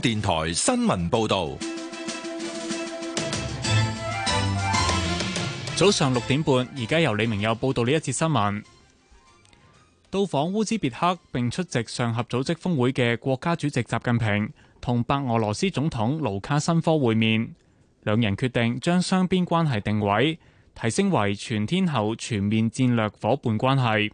電台新聞報道，早上六點半，而家由李明又報道呢一次新聞。到訪烏茲別克並出席上合組織峰會嘅國家主席習近平同白俄羅斯總統盧卡申科會面，兩人決定將雙邊關係定位提升為全天候全面戰略伙伴關係。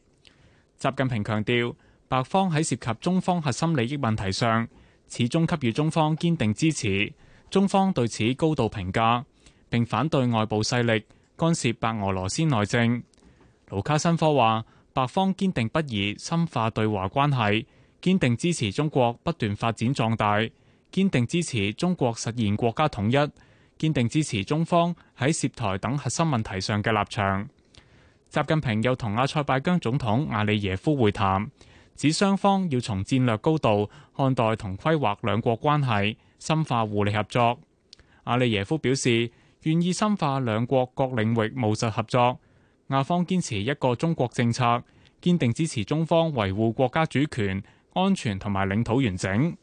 習近平強調，白方喺涉及中方核心利益問題上，始終給予中方堅定支持，中方對此高度評價，並反對外部勢力干涉白俄羅斯內政。盧卡申科話：白方堅定不移深化對華關係，堅定支持中國不斷發展壯大，堅定支持中國實現國家統一，堅定支持中方喺涉台等核心問題上嘅立場。習近平又同阿塞拜疆總統阿利耶夫會談。指雙方要從戰略高度看待同規劃兩國關係，深化互利合作。阿里耶夫表示願意深化兩國各領域務實合作。亞方堅持一個中國政策，堅定支持中方維護國家主權、安全同埋領土完整。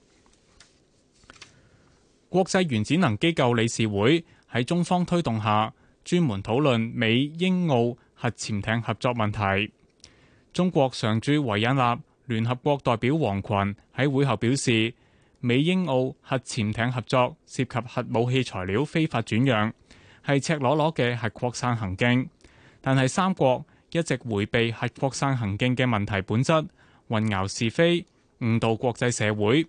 國際原子能機構理事會喺中方推動下，專門討論美英澳核潛艇合作問題。中國常駐維也納聯合國代表王群喺會後表示，美英澳核潛艇合作涉及核武器材料非法轉讓，係赤裸裸嘅核擴散行徑。但係三國一直迴避核擴散行徑嘅問題本質，混淆是非，誤導國際社會。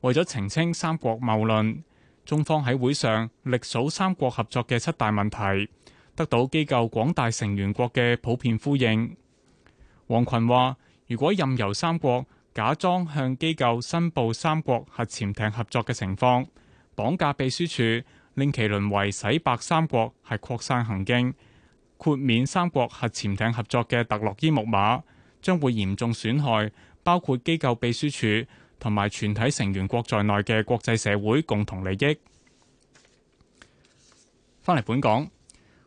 為咗澄清三國謬論，中方喺會上歷數三國合作嘅七大問題，得到機構廣大成員國嘅普遍呼應。王群話：如果任由三國假裝向機構申報三國核潛艇合作嘅情況，綁架秘書處，令其淪為洗白三國係擴散行徑，豁免三國核潛艇合作嘅特洛伊木馬將會嚴重損害包括機構秘書處同埋全體成員國在內嘅國際社會共同利益。翻嚟，本港，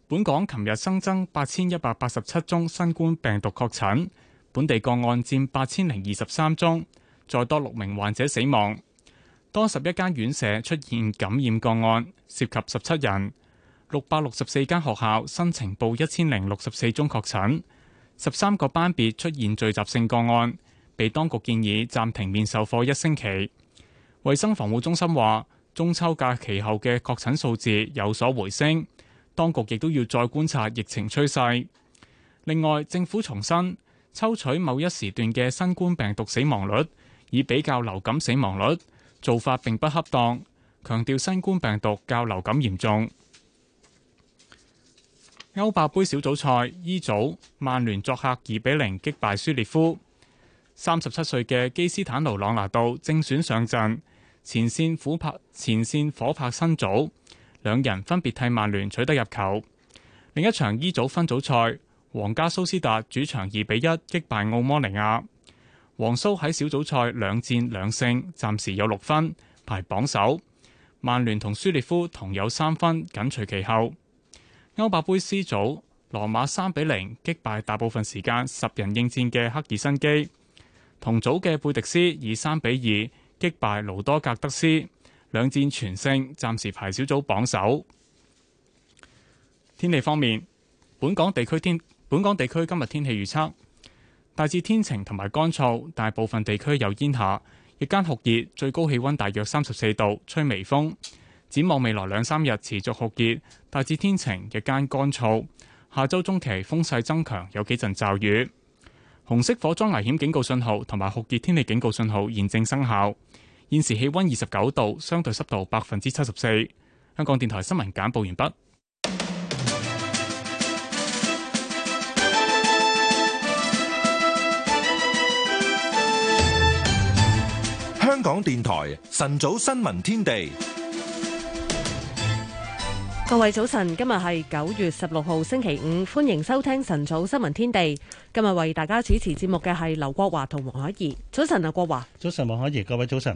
本港琴日新增八千一百八十七宗新冠病毒確診。本地個案佔八千零二十三宗，再多六名患者死亡，多十一間院舍出現感染個案，涉及十七人。六百六十四間學校申請報一千零六十四宗確診，十三個班別出現聚集性個案，被當局建議暫停面授課一星期。衛生防護中心話，中秋假期後嘅確診數字有所回升，當局亦都要再觀察疫情趨勢。另外，政府重申，抽取某一時段嘅新冠病毒死亡率，以比較流感死亡率，做法並不恰當，強調新冠病毒較流感嚴重。歐霸盃小組賽 E 組，曼聯作客二比零擊敗舒列夫。三十七歲嘅基斯坦奴朗拿度正選上陣，前線虎柏前線夥拍辛祖，兩人分別替曼聯取得入球。另一場 E 組分組賽。皇家蘇斯達主場二比一擊敗奧摩尼亞，皇蘇喺小組賽兩戰兩勝，暫時有六分排榜首。曼聯同舒列夫同有三分緊隨其後。歐霸盃 C 組，羅馬三比零擊敗大部分時間十人應戰嘅克爾辛基，同組嘅貝迪斯以三比二擊敗盧多格德斯，兩戰全勝，暫時排小組榜首。天氣方面，本港地區天。本港地區今日天氣預測：大致天晴同埋乾燥，大部分地區有煙霞，日間酷熱，最高氣温大約三十四度，吹微風。展望未來兩三日持續酷熱，大致天晴，日間乾燥。下週中期風勢增強，有幾陣驟雨。紅色火災危險警告信號同埋酷熱天氣警告信號現正生效。現時氣温二十九度，相對濕度百分之七十四。香港電台新聞簡報完畢。香港電台晨早新聞天地，各位早晨，今日係九月十六號星期五，歡迎收聽晨早新聞天地。今日為大家主持節目嘅係劉國華同黃海怡。早晨啊，劉國華，早晨，黃海怡，各位早晨。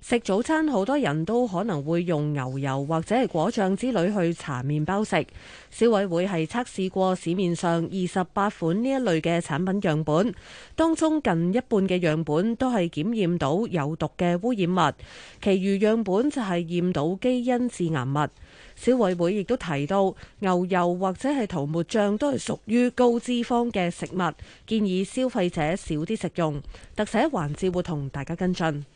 食早餐好多人都可能會用牛油或者係果醬之類，去搽麵包食。消委會係測試過市面上二十八款呢一類嘅產品樣本，當中近一半嘅樣本都係檢驗到有毒嘅污染物，其餘樣本就係驗到基因致癌物。消委會亦都提到，牛油或者係塗抹醬都係屬於高脂肪嘅食物，建議消費者少啲食用。特寫環節會同大家跟進。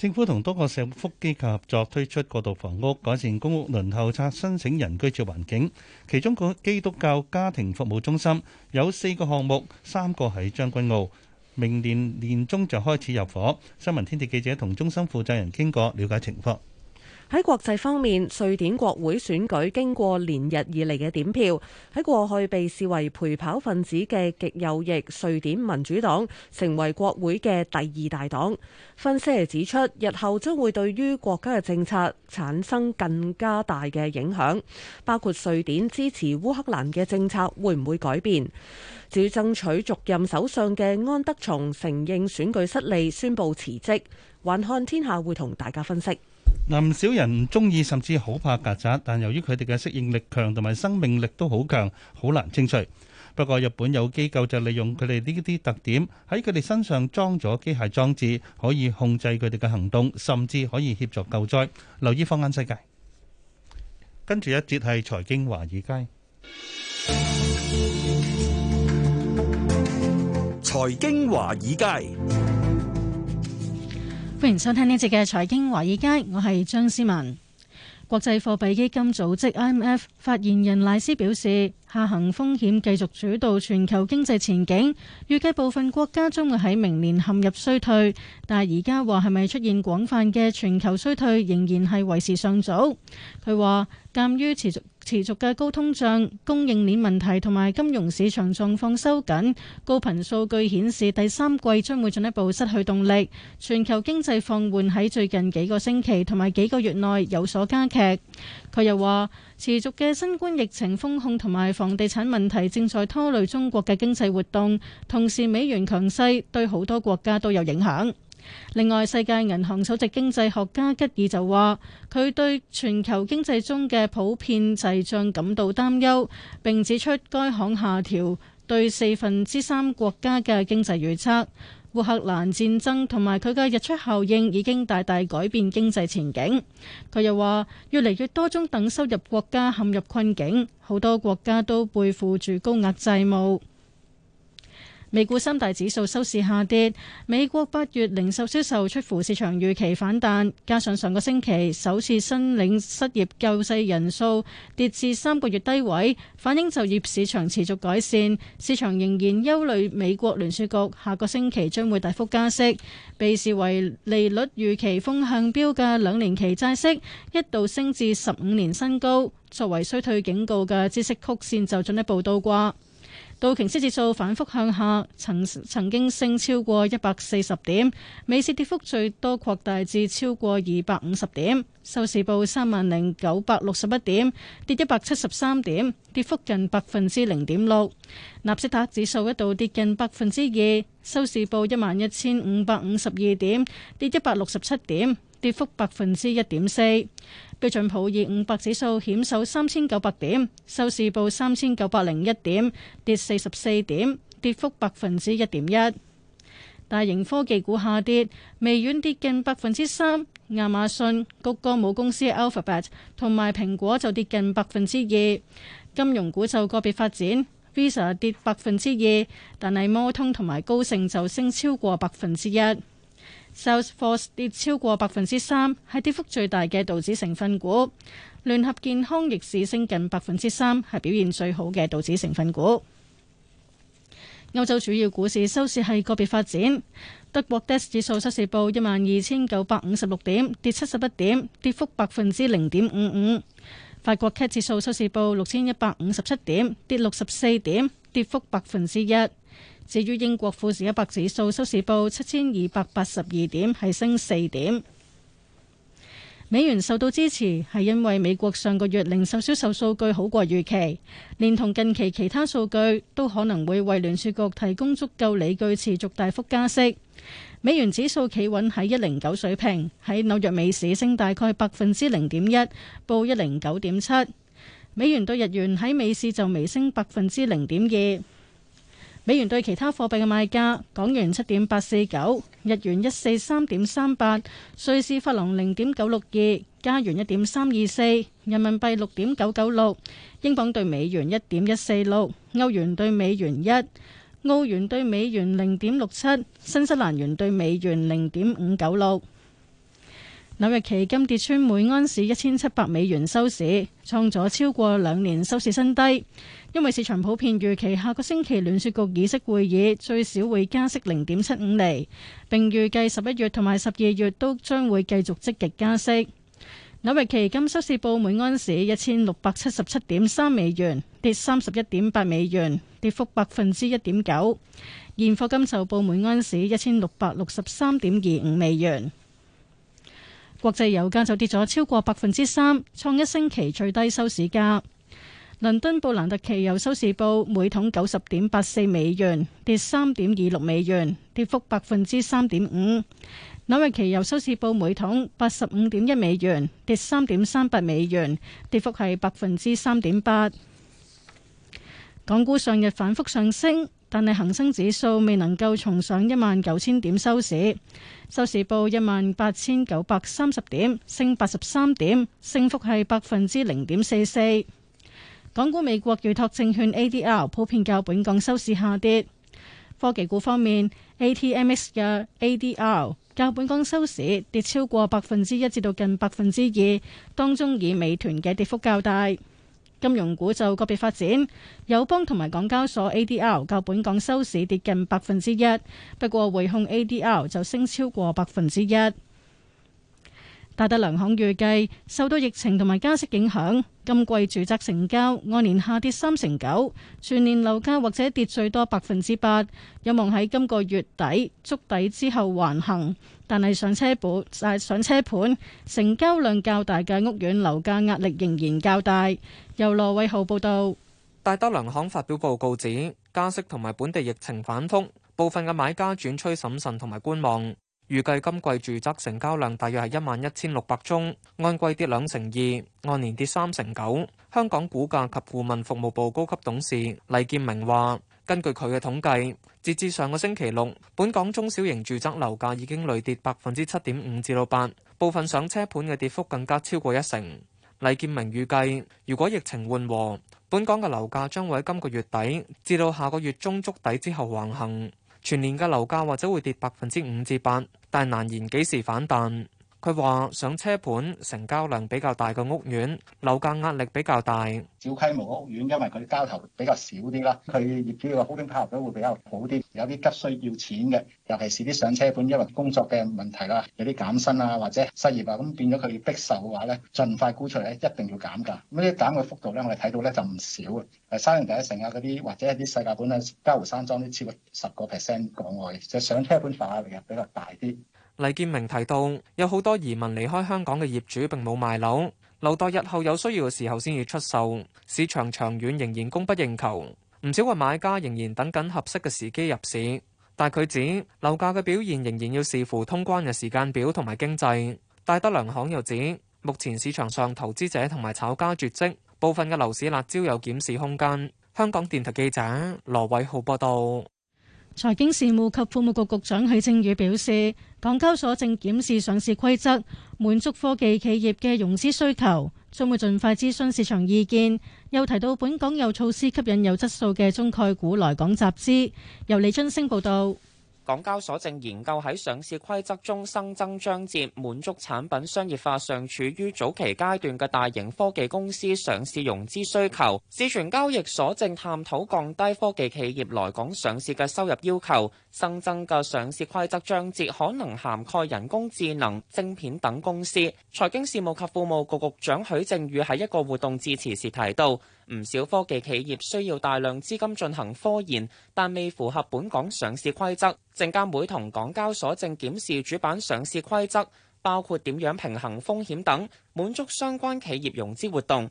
政府同多個社福機構合作推出過渡房屋，改善公屋輪候冊申請人居住環境。其中一個基督教家庭服務中心有四個項目，三個喺將軍澳，明年年中就開始入伙。新聞天地記者同中心負責人傾過，了解情況。喺國際方面，瑞典國會選舉經過連日以嚟嘅點票，喺過去被視為陪跑分子嘅極右翼瑞典民主黨成為國會嘅第二大黨。分析係指出，日後將會對於國家嘅政策產生更加大嘅影響，包括瑞典支持烏克蘭嘅政策會唔會改變？至於爭取續任首相嘅安德松承認選舉失利，宣佈辭職。還看天下會同大家分析。唔少人唔中意，甚至好怕曱甴，但由於佢哋嘅適應力強同埋生命力都好強，好難清除。不過日本有機構就利用佢哋呢啲特點，喺佢哋身上裝咗機械裝置，可以控制佢哋嘅行動，甚至可以協助救災。留意放眼世界，跟住一節係財經華爾街，財經華爾街。歡迎收聽呢節嘅財經華爾街，我係張思文。國際貨幣基金組織 IMF 發言人賴斯表示，下行風險繼續主導全球經濟前景，預計部分國家將會喺明年陷入衰退，但係而家話係咪出現廣泛嘅全球衰退，仍然係為時尚早。佢話鑒於持續。持續嘅高通脹、供應鏈問題同埋金融市場狀況收緊，高頻數據顯示第三季將會進一步失去動力。全球經濟放緩喺最近幾個星期同埋幾個月內有所加劇。佢又話，持續嘅新冠疫情風控同埋房地產問題正在拖累中國嘅經濟活動，同時美元強勢對好多國家都有影響。另外，世界銀行首席經濟學家吉爾就話：佢對全球經濟中嘅普遍滯脹感到擔憂，並指出該行下調對四分之三國家嘅經濟預測。烏克蘭戰爭同埋佢嘅日出效應已經大大改變經濟前景。佢又話：越嚟越多中等收入國家陷入困境，好多國家都背負住高額債務。美股三大指數收市下跌，美國八月零售銷售出乎市場預期反彈，加上上個星期首次申領失業救濟人數跌至三個月低位，反映就業市場持續改善。市場仍然憂慮美國聯儲局下個星期將會大幅加息，被視為利率預期風向標嘅兩年期債息一度升至十五年新高，作為衰退警告嘅孳息曲線就進一步倒掛。道瓊斯指數反覆向下，曾曾經升超過一百四十點，美市跌幅最多擴大至超過二百五十點，收市報三萬零九百六十一點，跌一百七十三點，跌幅近百分之零點六。納斯達指數一度跌近百分之二，收市報一萬一千五百五十二點，跌一百六十七點。跌幅百分之一點四，標準普爾五百指數險守三千九百點，收市報三千九百零一點，跌四十四點，跌幅百分之一點一。大型科技股下跌，微軟跌近百分之三，亞馬遜、谷歌母公司 Alphabet 同埋蘋果就跌近百分之二。金融股就個別發展，Visa 跌百分之二，但係摩通同埋高盛就升超過百分之一。Salesforce 跌超過百分之三，係跌幅最大嘅道指成分股。聯合健康逆市升近百分之三，係表現最好嘅道指成分股。歐洲主要股市收市係個別發展。德國 DAX 指數收市報一萬二千九百五十六點，跌七十一點，跌幅百分之零點五五。法國 CAC 指數收市報六千一百五十七點，跌六十四點，跌幅百分之一。至於英國富時一百指數收市報七千二百八十二點，係升四點。美元受到支持係因為美國上個月零售銷售數據好過預期，連同近期其他數據都可能會為聯儲局提供足夠理據持續大幅加息。美元指數企穩喺一零九水平，喺紐約美市升大概百分之零點一，報一零九點七。美元兌日元喺美市就微升百分之零點二。美元兌其他貨幣嘅賣價：港元七點八四九，日元一四三點三八，瑞士法郎零點九六二，加元一點三二四，人民幣六點九九六，英鎊對美元一點一四六，歐元對美元一，澳元對美元零點六七，新西蘭元對美元零點五九六。紐約期金跌穿每盎司一千七百美元收市，創咗超過兩年收市新低。因為市場普遍預期下個星期聯儲局議息會議最少會加息零點七五厘，並預計十一月同埋十二月都將會繼續積極加息。紐約期金收市報每盎司一千六百七十七點三美元，跌三十一點八美元，跌幅百分之一點九。現貨金就報每盎司一千六百六十三點二五美元。國際油價就跌咗超過百分之三，創一星期最低收市價。倫敦布蘭特期油收市報每桶九十點八四美元，跌三點二六美元，跌幅百分之三點五。紐約期油收市報每桶八十五點一美元，跌三點三八美元，跌幅係百分之三點八。港股上日反覆上升，但係恒生指數未能夠重上一萬九千點收市。收市報一萬八千九百三十點，升八十三點，升幅係百分之零點四四。港股美國預託證券 ADR 普遍較本港收市下跌。科技股方面，ATMS 嘅 ADR 較本港收市跌超過百分之一至到近百分之二，當中以美團嘅跌幅較大。金融股就個別發展，友邦同埋港交所 ADR 較本港收市跌近百分之一，不過匯控 ADR 就升超過百分之一。戴德梁行預計受到疫情同埋加息影響，今季住宅成交按年下跌三成九，全年樓價或者跌最多百分之八，有望喺今個月底築底之後橫行。但係上車盤，上車盤成交量較大嘅屋苑樓價壓力仍然較大。由羅偉浩報導，戴德梁行發表報告指，加息同埋本地疫情反覆，部分嘅買家轉趨審慎同埋觀望。預計今季住宅成交量大約係一萬一千六百宗，按季跌兩成二，按年跌三成九。香港估價及顧問服務部高級董事黎建明話。根據佢嘅統計，截至上個星期六，本港中小型住宅樓價已經累跌百分之七點五至到八，部分上車盤嘅跌幅更加超過一成。黎建明預計，如果疫情緩和，本港嘅樓價將會喺今個月底至到下個月中築底之後橫行，全年嘅樓價或者會跌百分之五至八，但難言幾時反彈。佢話上車盤成交量比較大嘅屋苑，樓價壓力比較大。小規模屋苑因為佢交投比較少啲啦，佢業主嘅好定配合都會比較好啲。有啲急需要錢嘅，尤其是啲上車盤，因為工作嘅問題啦，有啲減薪啊或者失業啊，咁變咗佢逼售嘅話咧，儘快估出嚟咧一定要減價。咁啲減嘅幅度咧，我哋睇到咧就唔少啊。誒，沙田第一城啊，嗰啲或者一啲世界本啊，嘉湖山莊啲超過十個 percent 港外，就上車盤化壓力比較大啲。黎建明提到，有好多移民離開香港嘅業主並冇賣樓，留待日後有需要嘅時候先至出售。市場長遠仍然供不應求，唔少嘅買家仍然等緊合適嘅時機入市。但佢指樓價嘅表現仍然要視乎通關嘅時間表同埋經濟。戴德梁行又指，目前市場上投資者同埋炒家絕迹，部分嘅樓市辣招有檢視空間。香港電台記者羅偉浩報道。財經事務及庫務局局長許正宇表示，港交所正檢視上市規則，滿足科技企業嘅融資需求，將會盡快諮詢市場意見。又提到本港有措施吸引有質素嘅中概股來港集資。由李津升報道。港交所正研究喺上市規則中新增章節，滿足產品商業化尚處於早期階段嘅大型科技公司上市融資需求。市傳交易所正探討降低科技企業來港上市嘅收入要求。新增嘅上市規則章節可能涵蓋人工智能、晶片等公司。財經事務及庫務局局長許正宇喺一個活動致辭時提到，唔少科技企業需要大量資金進行科研，但未符合本港上市規則。證監會同港交所正檢視主板上市規則，包括點樣平衡風險等，滿足相關企業融資活動。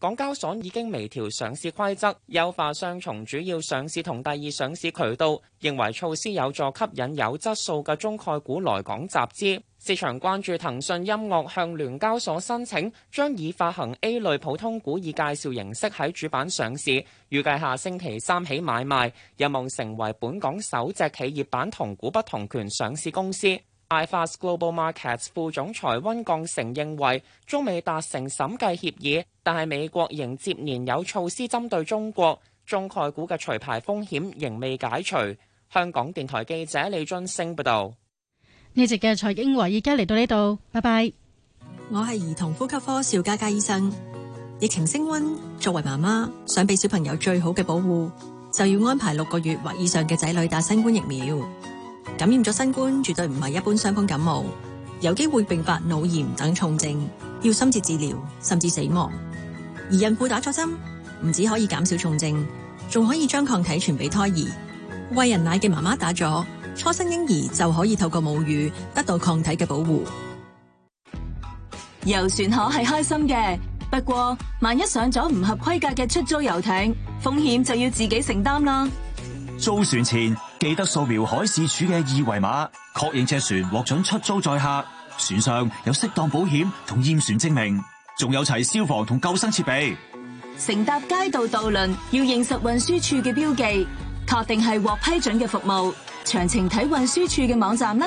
港交所已經微調上市規則，優化雙重主要上市同第二上市渠道，認為措施有助吸引有質素嘅中概股來港集資。市場關注騰訊音樂向聯交所申請，將以發行 A 類普通股以介紹形式喺主板上市，預計下星期三起買賣，有望成為本港首隻企業版同股不同權上市公司。iFast Global Markets 副總裁溫降成認為，中美達成審計協議，但係美國仍接連有措施針對中國中概股嘅除牌風險仍未解除。香港電台記者李津星報道。呢席嘅蔡英華依家嚟到呢度，拜拜。我係兒童呼吸科邵佳佳醫生。疫情升温，作為媽媽想俾小朋友最好嘅保護，就要安排六個月或以上嘅仔女打新冠疫苗。感染咗新冠，絕對唔係一般傷風感冒，有機會併發腦炎等重症，要深切治療，甚至死亡。而孕婦打咗針，唔止可以減少重症，仲可以將抗體傳俾胎兒。喂人奶嘅媽媽打咗，初生嬰兒就可以透過母乳得到抗體嘅保護。遊船河係開心嘅，不過萬一上咗唔合規格嘅出租遊艇，風險就要自己承擔啦。租船前記得掃描海事處嘅二維碼，確認隻船獲准出租載客，船上有適當保險同驗船證明，仲有齊消防同救生設備。乘搭街道渡輪要認實運輸處嘅標記，確定係獲批准嘅服務。詳情睇運輸處嘅網站啦。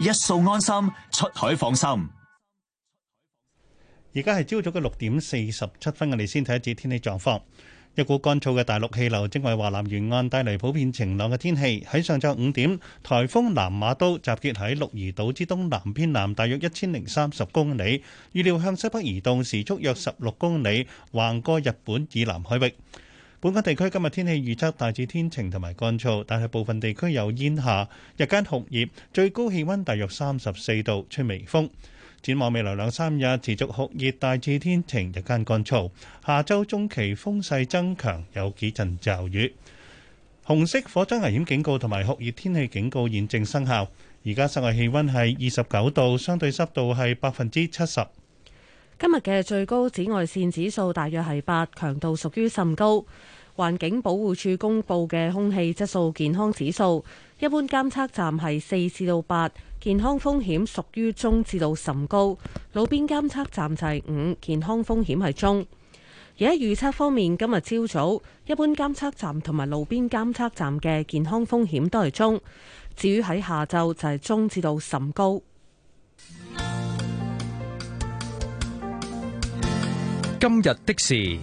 一掃安心，出海放心。而家係朝早嘅六點四十七分，我哋先睇一次天氣狀況。一股乾燥嘅大陸氣流正為華南沿岸帶嚟普遍晴朗嘅天氣。喺上晝五點，颱風南馬都集結喺鹿兒島之東南偏南大約一千零三十公里，預料向西北移動，時速約十六公里，橫過日本以南海域。本港地區今日天氣預測大致天晴同埋乾燥，但係部分地區有煙霞，日間酷熱，最高氣温大約三十四度，吹微風。展望未來兩三日持續酷熱大致天晴，日間乾燥。下周中期風勢增強，有幾陣驟雨。紅色火災危險警告同埋酷熱天氣警告現正生效。而家室外氣溫係二十九度，相對濕度係百分之七十。今日嘅最高紫外線指數大約係八，強度屬於甚高。環境保護署公布嘅空氣質素健康指數。一般監測站係四至到八，健康風險屬於中至到甚高。路邊監測站就係五，健康風險係中。而喺預測方面，今日朝早一般監測站同埋路邊監測站嘅健康風險都係中，至於喺下晝就係中至到甚高。今日的事。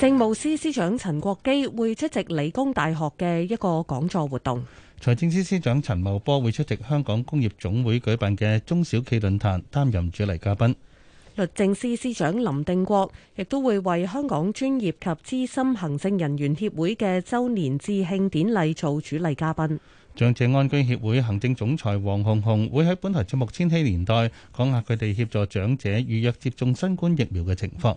政務司司長陳國基會出席理工大學嘅一個講座活動，財政司司長陳茂波會出席香港工業總會舉辦嘅中小企論壇，擔任主禮嘉賓。律政司司長林定國亦都會為香港專業及資深行政人員協會嘅周年致慶典禮做主禮嘉賓。長者安居協會行政總裁黃紅紅會喺本台節目《千禧年代》講下佢哋協助長者預約接種新冠疫苗嘅情況。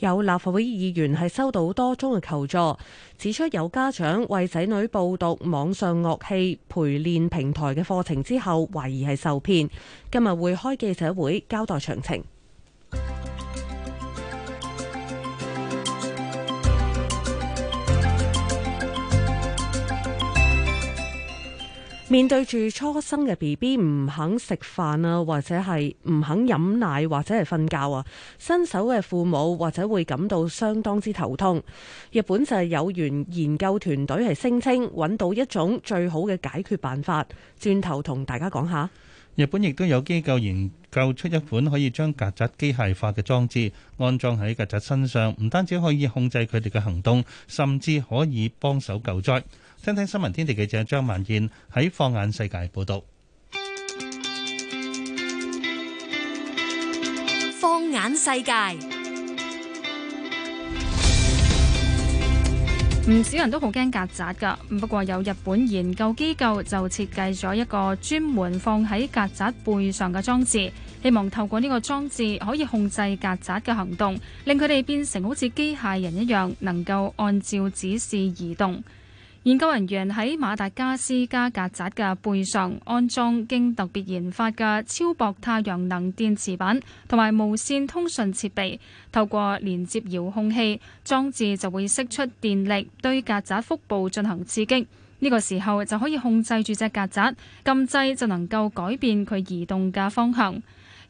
有立法會議員係收到多宗嘅求助，指出有家長為仔女報讀網上樂器陪練平台嘅課程之後，懷疑係受騙。今日會開記者會交代詳情。面對住初生嘅 BB 唔肯食飯啊，或者係唔肯飲奶，或者係瞓覺啊，新手嘅父母或者會感到相當之頭痛。日本就係有研研究團隊係聲稱搵到一種最好嘅解決辦法，轉頭同大家講下。日本亦都有機構研究出一款可以將曱甴機械化嘅裝置，安裝喺曱甴身上，唔單止可以控制佢哋嘅行動，甚至可以幫手救災。聽聽新聞天地記者張萬燕喺放眼世界報道。放眼世界。報導放眼世界唔少人都好驚曱甴㗎，不過有日本研究機構就設計咗一個專門放喺曱甴背上嘅裝置，希望透過呢個裝置可以控制曱甴嘅行動，令佢哋變成好似機械人一樣，能夠按照指示移動。研究人員喺馬達加斯加曱甴嘅背上安裝經特別研發嘅超薄太陽能電池板，同埋無線通訊設備。透過連接遙控器，裝置就會釋出電力，對曱甴腹部進行刺激。呢、這個時候就可以控制住隻曱甴，撳掣就能夠改變佢移動嘅方向。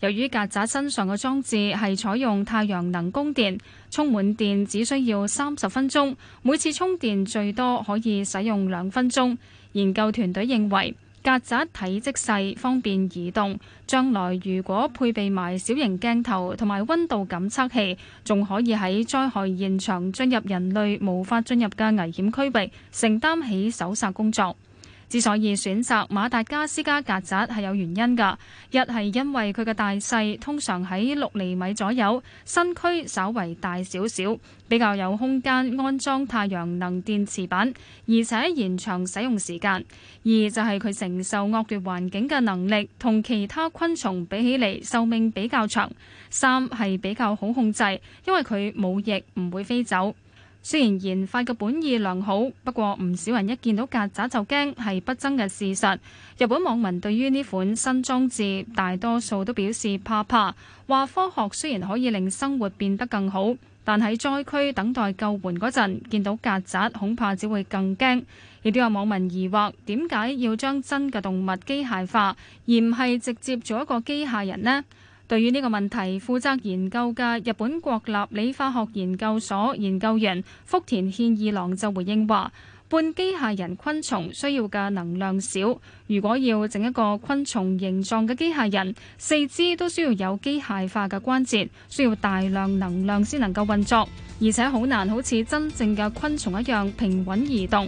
由於曱甴身上嘅裝置係採用太陽能供電。充滿電只需要三十分鐘，每次充電最多可以使用兩分鐘。研究團隊認為，曱甴體積細，方便移動，將來如果配備埋小型鏡頭同埋溫度感測器，仲可以喺災害現場進入人類無法進入嘅危險區域，承擔起搜查工作。之所以選擇馬達加斯加曱甴係有原因㗎，一係因為佢嘅大細通常喺六厘米左右，身軀稍為大少少，比較有空間安裝太陽能電池板，而且延長使用時間；二就係佢承受惡劣環境嘅能力同其他昆蟲比起嚟壽命比較長；三係比較好控制，因為佢冇翼唔會飛走。雖然研發嘅本意良好，不過唔少人一見到曱甴就驚，係不爭嘅事實。日本網民對於呢款新裝置，大多數都表示怕怕，話科學雖然可以令生活變得更好，但喺災區等待救援嗰陣，見到曱甴恐怕只會更驚。亦都有網民疑惑，點解要將真嘅動物機械化，而唔係直接做一個機械人呢？對於呢個問題，負責研究嘅日本國立理化學研究所研究員福田憲二郎就回應話：半機械人昆蟲需要嘅能量少，如果要整一個昆蟲形狀嘅機械人，四肢都需要有機械化嘅關節，需要大量能量先能夠運作，而且好難好似真正嘅昆蟲一樣平穩移動。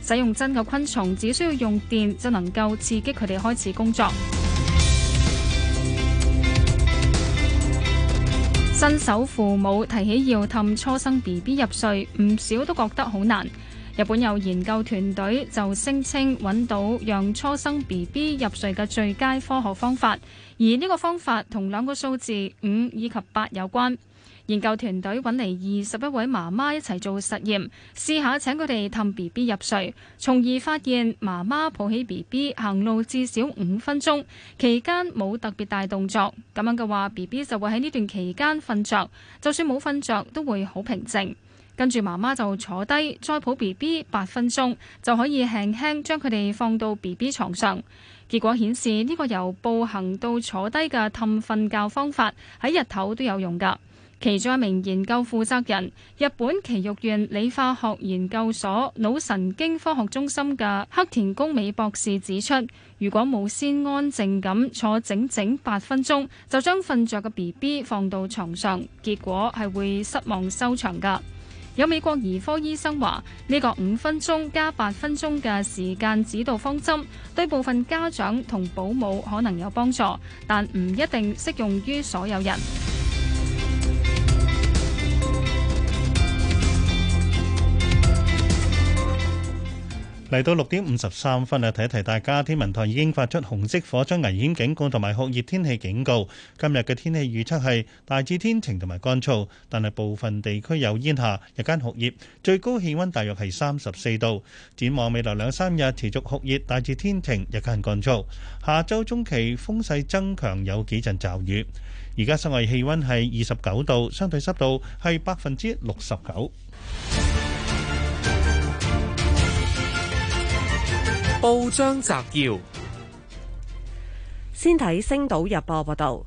使用真嘅昆蟲只需要用電就能夠刺激佢哋開始工作。新手父母提起要氹初生 BB 入睡，唔少都覺得好難。日本有研究團隊就聲稱揾到讓初生 BB 入睡嘅最佳科學方法，而呢個方法同兩個數字五以及八有關。研究團隊揾嚟二十一位媽媽一齊做實驗，試下請佢哋氹 BB 入睡，從而發現媽媽抱起 BB 行路至少五分鐘，期間冇特別大動作。咁樣嘅話，BB 就會喺呢段期間瞓着，就算冇瞓着都會好平靜。跟住媽媽就坐低再抱 BB 八分鐘，就可以輕輕將佢哋放到 BB 床上。結果顯示呢個由步行到坐低嘅氹瞓覺方法喺日頭都有用㗎。其中一名研究負責人，日本奇育院理化學研究所腦神經科學中心嘅黑田公美博士指出，如果冇先安靜咁坐整整八分鐘，就將瞓着嘅 B B 放到床上，結果係會失望收場噶。有美國兒科醫生話，呢、這個五分鐘加八分鐘嘅時間指導方針，對部分家長同保姆可能有幫助，但唔一定適用於所有人。嚟到六點五十三分，啊，提一提大家，天文台已經發出紅色火災危險警告同埋酷熱天氣警告。今日嘅天氣預測係大致天晴同埋乾燥，但係部分地區有煙霞、日間酷熱，最高氣温大約係三十四度。展望未來兩三日持續酷熱、大致天晴、日間乾燥。下週中期風勢增強，有幾陣驟雨。而家室外氣温係二十九度，相對濕度係百分之六十九。 報章摘要：先睇《星島日報》報道，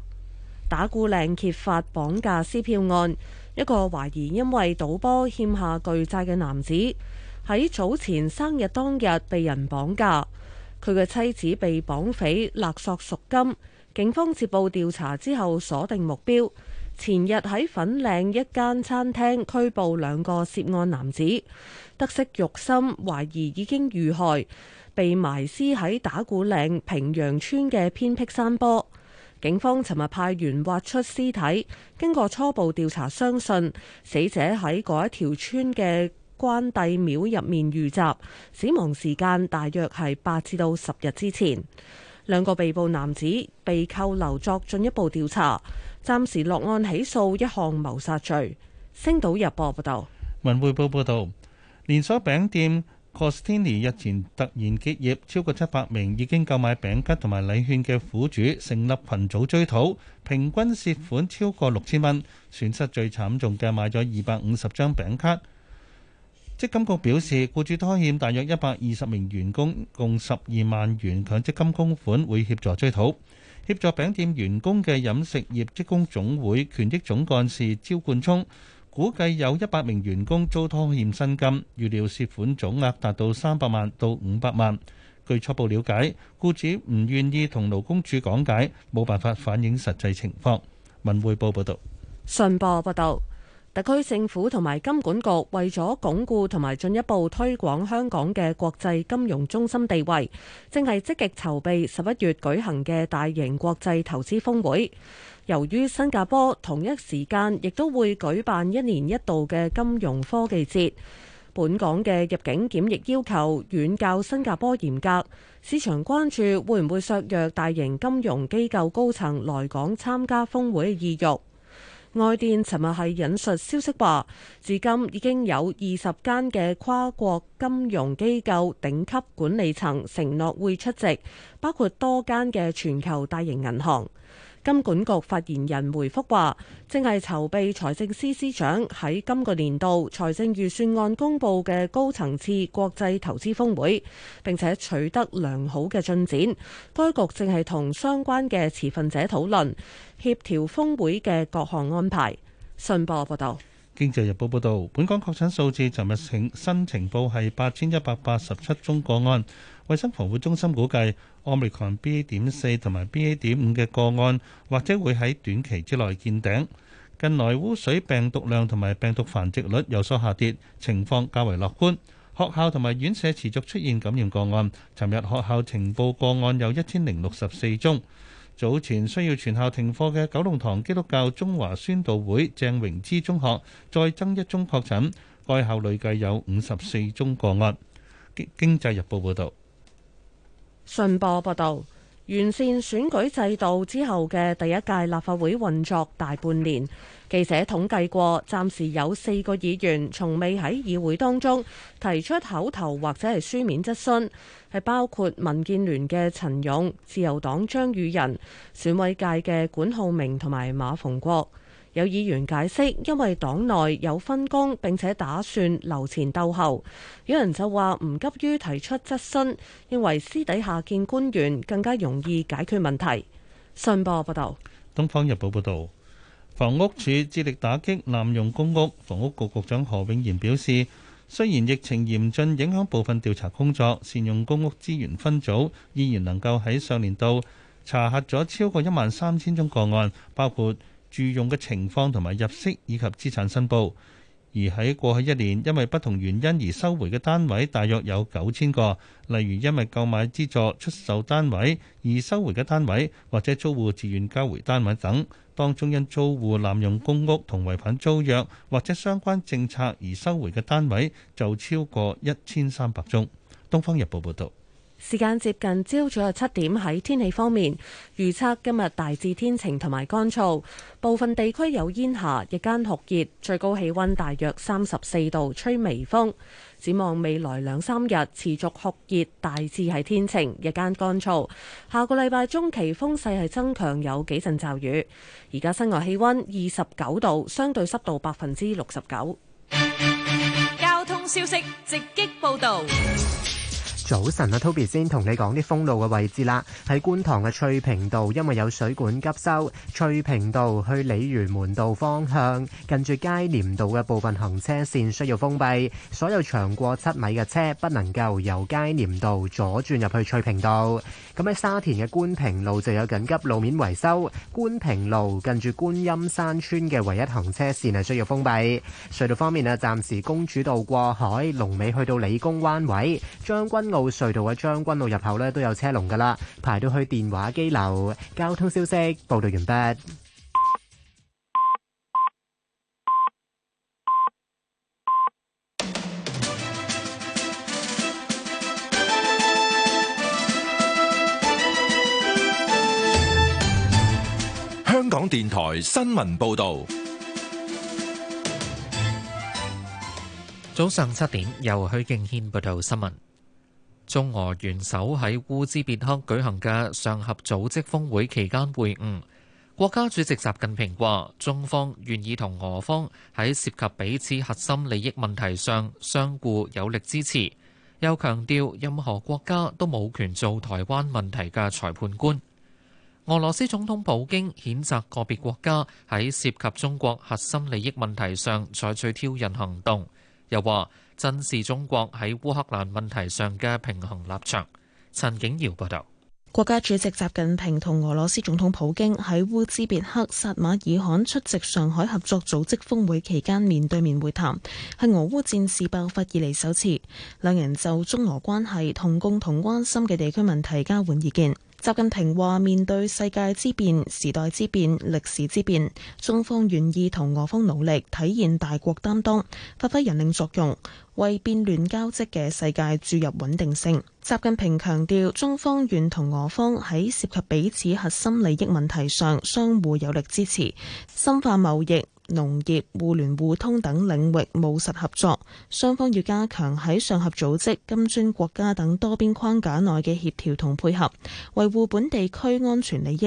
打鼓嶺揭發綁架撕票案，一個懷疑因為賭波欠下巨債嘅男子喺早前生日當日被人綁架，佢嘅妻子被綁匪勒索贖金。警方接報調查之後鎖定目標，前日喺粉嶺一間餐廳拘捕兩個涉案男子，得悉肉參懷疑已經遇害。被埋屍喺打鼓嶺平陽村嘅偏僻山坡，警方尋日派員挖出屍體。經過初步調查，相信死者喺嗰一條村嘅關帝廟入面遇襲，死亡時間大約係八至到十日之前。兩個被捕男子被扣留作進一步調查，暫時落案起訴一項謀殺罪。星島日報報道。文匯報報道，連鎖餅店。Costini 日前突然結業，超過七百名已經購買餅卡同埋禮券嘅苦主成立群組追討，平均涉款超過六千蚊，損失最慘重嘅買咗二百五十張餅卡。積金局表示，僱主拖欠大約一百二十名員工共十二萬元強積金供款，會協助追討。協助餅店員工嘅飲食業職工總會權益總幹事招冠聰。估計有一百名員工遭拖欠薪金，預料涉款總額達到三百萬到五百萬。據初步瞭解，僱主唔願意同勞工處講解，冇辦法反映實際情況。文匯報報道，信報報道，特區政府同埋金管局為咗鞏固同埋進一步推廣香港嘅國際金融中心地位，正係積極籌備十一月舉行嘅大型國際投資峰會。由於新加坡同一時間亦都會舉辦一年一度嘅金融科技節，本港嘅入境檢疫要求遠較新加坡嚴格，市場關注會唔會削弱大型金融機構高層來港參加峰會嘅意欲。外電尋日係引述消息話，至今已經有二十間嘅跨國金融機構頂級管理層承諾會出席，包括多間嘅全球大型銀行。金管局發言人回覆話，正係籌備財政司司長喺今個年度財政預算案公佈嘅高層次國際投資峰會，並且取得良好嘅進展。該局正係同相關嘅持份者討論協調峰會嘅各項安排。信報報道，《經濟日報》報道，本港確診數字尋日請新情報係八千一百八十七宗個案。衛生防護中心估計，Omicron BA. 點四同埋 BA. 點五嘅個案，或者會喺短期之內見頂。近來污水病毒量同埋病毒繁殖率有所下跌，情況較為樂觀。學校同埋院舍持續出現感染個案，尋日學校呈報個案有一千零六十四宗。早前需要全校停課嘅九龍塘基督教中華宣道會鄭榮之中學，再增一宗確診，該校累計有五十四宗個案。經濟日報報導。信報報道，完善選舉制度之後嘅第一屆立法會運作大半年，記者統計過，暫時有四個議員從未喺議會當中提出口頭或者係書面質詢，係包括民建聯嘅陳勇、自由黨張宇人、選委界嘅管浩明同埋馬逢國。有議員解釋，因為黨內有分工並且打算留前鬥後。有人就話唔急於提出質詢，認為私底下見官員更加容易解決問題。信報報道，《東方日報》報道，房屋署致力打擊濫用公屋。房屋局局長何永賢表示，雖然疫情嚴峻，影響部分調查工作，善用公屋資源分組，依然能夠喺上年度查核咗超過一萬三千宗個案，包括，住用嘅情況同埋入息以及資產申報，而喺過去一年，因為不同原因而收回嘅單位大約有九千個，例如因為購買資助出售單位而收回嘅單位，或者租戶自願交回單位等。當中因租戶濫用公屋同違反租約或者相關政策而收回嘅單位就超過一千三百宗。《東方日報》報導。時間接近朝早嘅七點，喺天氣方面預測今日大致天晴同埋乾燥，部分地區有煙霞，日間酷熱，最高氣溫大約三十四度，吹微風。展望未來兩三日持續酷熱，大致係天晴，日間乾燥。下個禮拜中期風勢係增強，有幾陣驟雨。而家室外氣溫二十九度，相對濕度百分之六十九。交通消息直擊報道。早晨啊，Toby 先同你講啲封路嘅位置啦。喺觀塘嘅翠屏道，因為有水管急修，翠屏道去鯉魚門道方向，近住佳廉道嘅部分行車線需要封閉，所有長過七米嘅車不能夠由佳廉道左轉入去翠屏道。咁喺沙田嘅觀屏路就有緊急路面維修，觀屏路近住觀音山村嘅唯一行車線係需要封閉。隧道方面啊，暫時公主道過海，龍尾去到理工灣位，將軍澳。隧道嘅將軍路入口咧都有車龍噶啦，排到去電話機樓。交通消息報道完畢。香港電台新聞報道，早上七點由許敬軒報道新聞。中俄元首喺烏茲別克舉行嘅上合組織峰會期間會晤，國家主席習近平話：中方願意同俄方喺涉及彼此核心利益問題上相互有力支持，又強調任何國家都冇權做台灣問題嘅裁判官。俄羅斯總統普京譴責個別國家喺涉及中國核心利益問題上採取挑釁行動，又話：真視中國喺烏克蘭問題上嘅平衡立場。陳景瑤報道，國家主席習近平同俄羅斯總統普京喺烏茲別克撒馬爾罕出席上海合作組織峰會期間面對面會談，係俄烏戰事爆發以嚟首次。兩人就中俄關係同共同關心嘅地區問題交換意見。習近平話：面對世界之變、時代之變、歷史之變，中方願意同俄方努力，體現大國擔當，發揮引領作用，為變亂交織嘅世界注入穩定性。習近平強調，中方願同俄方喺涉及彼此核心利益問題上相互有力支持，深化貿易。農業、互聯互通等領域務實合作，雙方要加強喺上合組織、金磚國家等多邊框架內嘅協調同配合，維護本地區安全利益，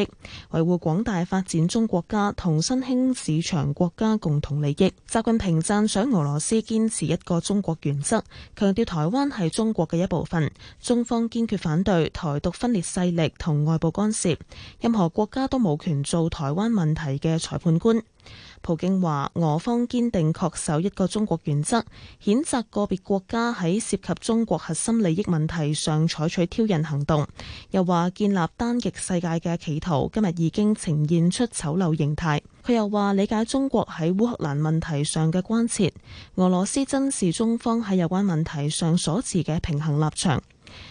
維護廣大發展中國家同新興市場國家共同利益。習近平贊賞俄羅斯堅持一個中國原則，強調台灣係中國嘅一部分，中方堅決反對台獨分裂勢力同外部干涉，任何國家都冇權做台灣問題嘅裁判官。普京話：俄方堅定恪守一個中國原則，譴責個別國家喺涉及中國核心利益問題上採取挑釁行動。又話建立單極世界嘅企圖今日已經呈現出醜陋形態。佢又話理解中國喺烏克蘭問題上嘅關切，俄羅斯珍視中方喺有關問題上所持嘅平衡立場。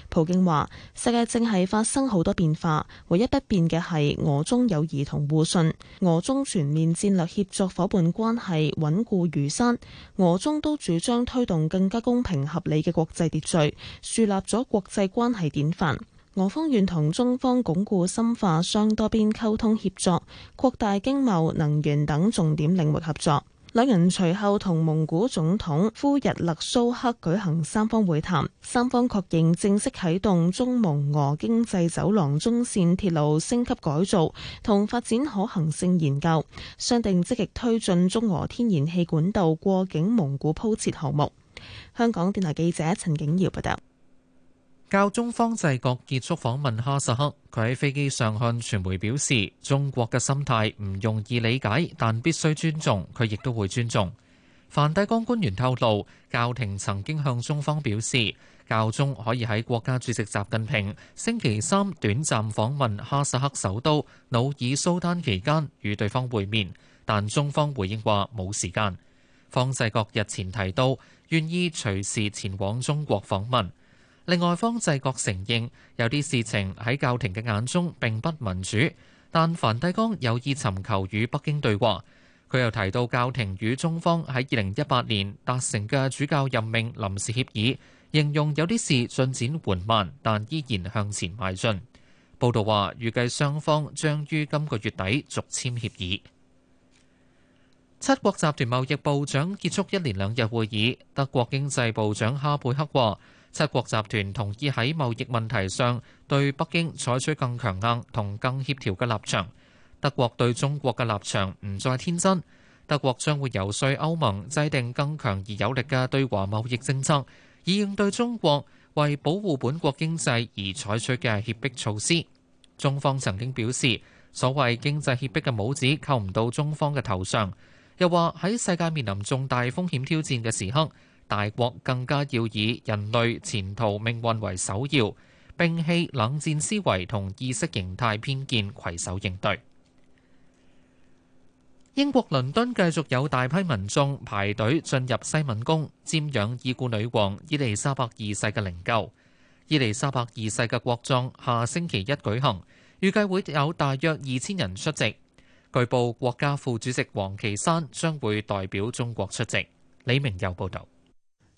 普京話：世界正係發生好多變化，唯一不變嘅係俄中友誼同互信，俄中全面戰略協作伙伴關係穩固如山。俄中都主張推動更加公平合理嘅國際秩序，樹立咗國際關係典範。俄方願同中方鞏固深化雙多邊溝通協作，擴大經貿、能源等重點領域合作。兩人隨後同蒙古總統呼日勒蘇克舉行三方會談，三方確認正式啟動中蒙俄經濟走廊中線鐵路升級改造同發展可行性研究，商定積極推進中俄天然氣管道過境蒙古鋪設項目。香港電台記者陳景堯報道。教宗方濟各結束訪問哈薩克，佢喺飛機上向傳媒表示：中國嘅心態唔容易理解，但必須尊重，佢亦都會尊重。梵蒂岡官員透露，教廷曾經向中方表示，教宗可以喺國家主席習近平星期三短暫訪問哈薩克首都努爾蘇丹期間與對方會面，但中方回應話冇時間。方濟各日前提到願意隨時前往中國訪問。另外，方濟各承認有啲事情喺教廷嘅眼中並不民主，但梵蒂岡有意尋求與北京對話。佢又提到教廷與中方喺二零一八年達成嘅主教任命臨時協議，形容有啲事進展緩慢，但依然向前邁進。報道話，預計雙方將於今個月底續簽協議。七國集團貿易部長結束一連兩日會議，德國經濟部長哈貝克話。七國集團同意喺貿易問題上對北京採取更強硬同更協調嘅立場。德國對中國嘅立場唔再天真，德國將會游說歐盟制定更強而有力嘅對華貿易政策，以應對中國為保護本國經濟而採取嘅脅迫措施。中方曾經表示，所謂經濟脅迫嘅帽子扣唔到中方嘅頭上，又話喺世界面臨重大風險挑戰嘅時刻。大國更加要以人類前途命運為首要，摒棄冷戰思維同意識形態偏見，携手應對。英國倫敦繼續有大批民眾排隊進入西敏宮，瞻仰已故女王伊利沙伯二世嘅靈柩。伊利沙伯二世嘅國葬下星期一舉行，預計會有大約二千人出席。據報，國家副主席王岐山將會代表中國出席。李明有報道。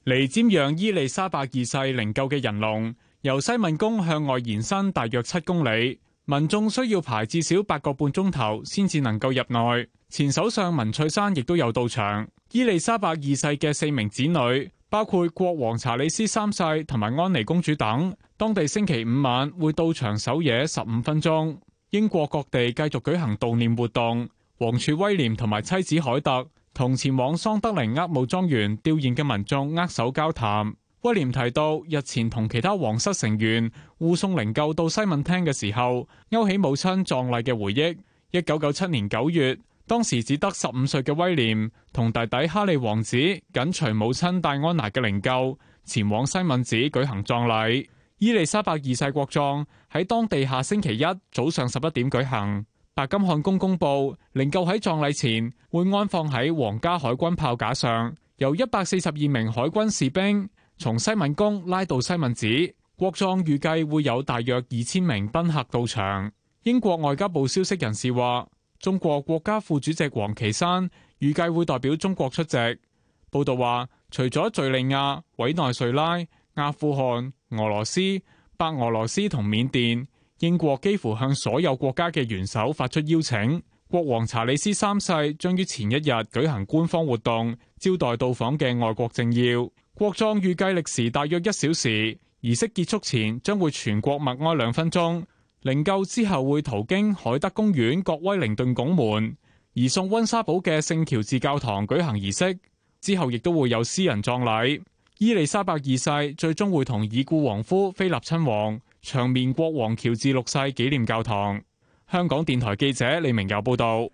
嚟瞻仰伊麗莎白二世靈柩嘅人龍，由西敏宮向外延伸大約七公里，民眾需要排至少八個半鐘頭先至能夠入內。前首相文翠珊亦都有到場。伊麗莎白二世嘅四名子女，包括國王查理斯三世同埋安妮公主等，當地星期五晚會到場守夜十五分鐘。英國各地繼續舉行悼念活動。王儲威廉同埋妻子凱特，同前往桑德靈厄姆莊園吊唁嘅民眾握手交談。威廉提到，日前同其他皇室成員護送靈柩到西敏廳嘅時候，勾起母親葬禮嘅回憶。一九九七年九月，當時只得十五歲嘅威廉同弟弟哈利王子緊隨母親戴安娜嘅靈柩前往西敏寺舉行葬禮。伊利沙伯二世國葬喺當地下星期一早上十一點舉行。白金漢宮公布，靈柩喺葬禮前會安放喺皇家海軍炮架上，由一百四十二名海軍士兵從西敏宮拉到西敏寺。國葬預計會有大約二千名賓客到場。英國外交部消息人士話，中國國家副主席王岐山預計會代表中國出席。報道話，除咗敘利亞、委內瑞拉、阿富汗、俄羅斯、白俄羅斯同緬甸。英國幾乎向所有國家嘅元首發出邀請。國王查理斯三世將於前一日舉行官方活動，招待到訪嘅外國政要。國葬預計歷時大約一小時，儀式結束前將會全國默哀兩分鐘。靈柩之後會途經海德公園、角威靈頓拱門，移送溫莎堡嘅聖喬治教堂舉行儀式。之後亦都會有私人葬禮。伊麗莎白二世最終會同已故王夫菲立親王，長眠國王喬治六世紀念教堂。香港電台記者李明游報道。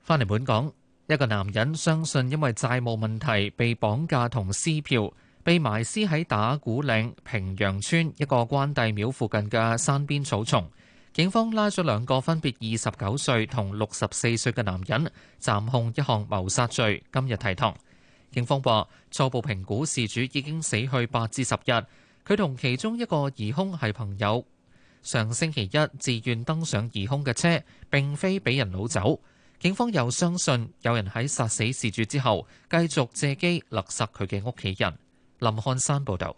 翻嚟本港，一個男人相信因為債務問題被綁架同撕票，被埋屍喺打鼓嶺平洋村一個關帝廟附近嘅山邊草叢。警方拉咗兩個分別二十九歲同六十四歲嘅男人，暫控一項謀殺罪，今日提堂。警方話初步評估，事主已經死去八至十日。佢同其中一個疑兇係朋友，上星期一自願登上疑兇嘅車，並非俾人擄走。警方又相信有人喺殺死事主之後，繼續借機勒殺佢嘅屋企人。林漢山報道，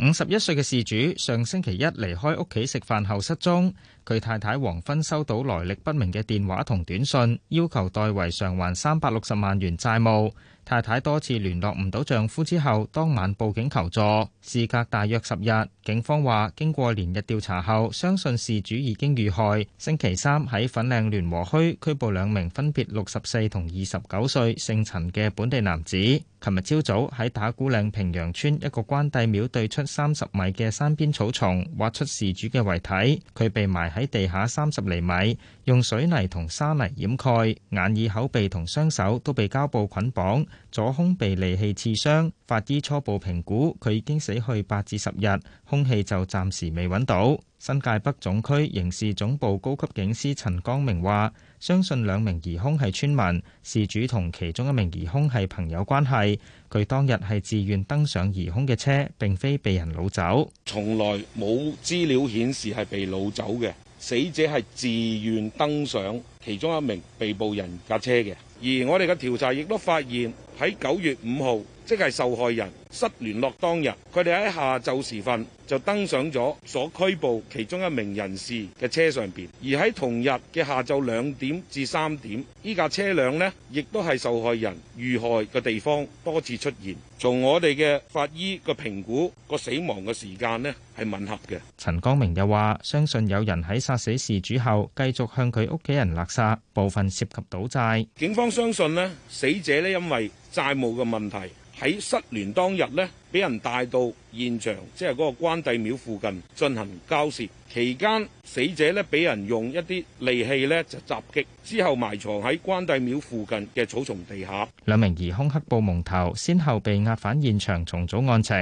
五十一歲嘅事主上星期一離開屋企食飯後失蹤，佢太太黃芬收到來歷不明嘅電話同短信，要求代為償還三百六十萬元債務。太太多次聯絡唔到丈夫之後，當晚報警求助。事隔大約十日，警方話經過連日調查後，相信事主已經遇害。星期三喺粉嶺聯和墟拘捕兩名分別六十四同二十九歲、姓陳嘅本地男子。琴日朝早喺打鼓嶺坪洋村一個關帝廟對出三十米嘅山邊草叢挖出事主嘅遺體，佢被埋喺地下三十厘米，用水泥同沙泥掩蓋，眼耳口鼻同雙手都被膠布捆綁。左胸被利器刺傷，法醫初步評估佢已經死去八至十日，兇器就暫時未揾到。新界北總區刑事總部高級警司陳光明話，相信兩名疑兇係村民，事主同其中一名疑兇係朋友關係。佢當日係自願登上疑兇嘅車，並非被人擄走。從來冇資料顯示係被擄走嘅，死者係自願登上其中一名被捕人架車嘅。而我哋嘅調查亦都發現，喺九月五號，即係受害人失聯絡當日，佢哋喺下晝時分就登上咗所拘捕其中一名人士嘅車上邊，而喺同日嘅下晝兩點至三點，依架車輛呢亦都係受害人遇害嘅地方多次出現。從我哋嘅法醫個評估，個死亡嘅時間呢係吻合嘅。陳光明又話：相信有人喺殺死事主後，繼續向佢屋企人勒殺，部分涉及賭債。警方相信呢死者呢因為債務嘅問題。喺失聯當日呢，俾人帶到現場，即係嗰個關帝廟附近進行交涉。期間死者呢俾人用一啲利器呢就襲擊，之後埋藏喺關帝廟附近嘅草叢地下。兩名疑兇黑布蒙頭，先後被押返現場重組案情。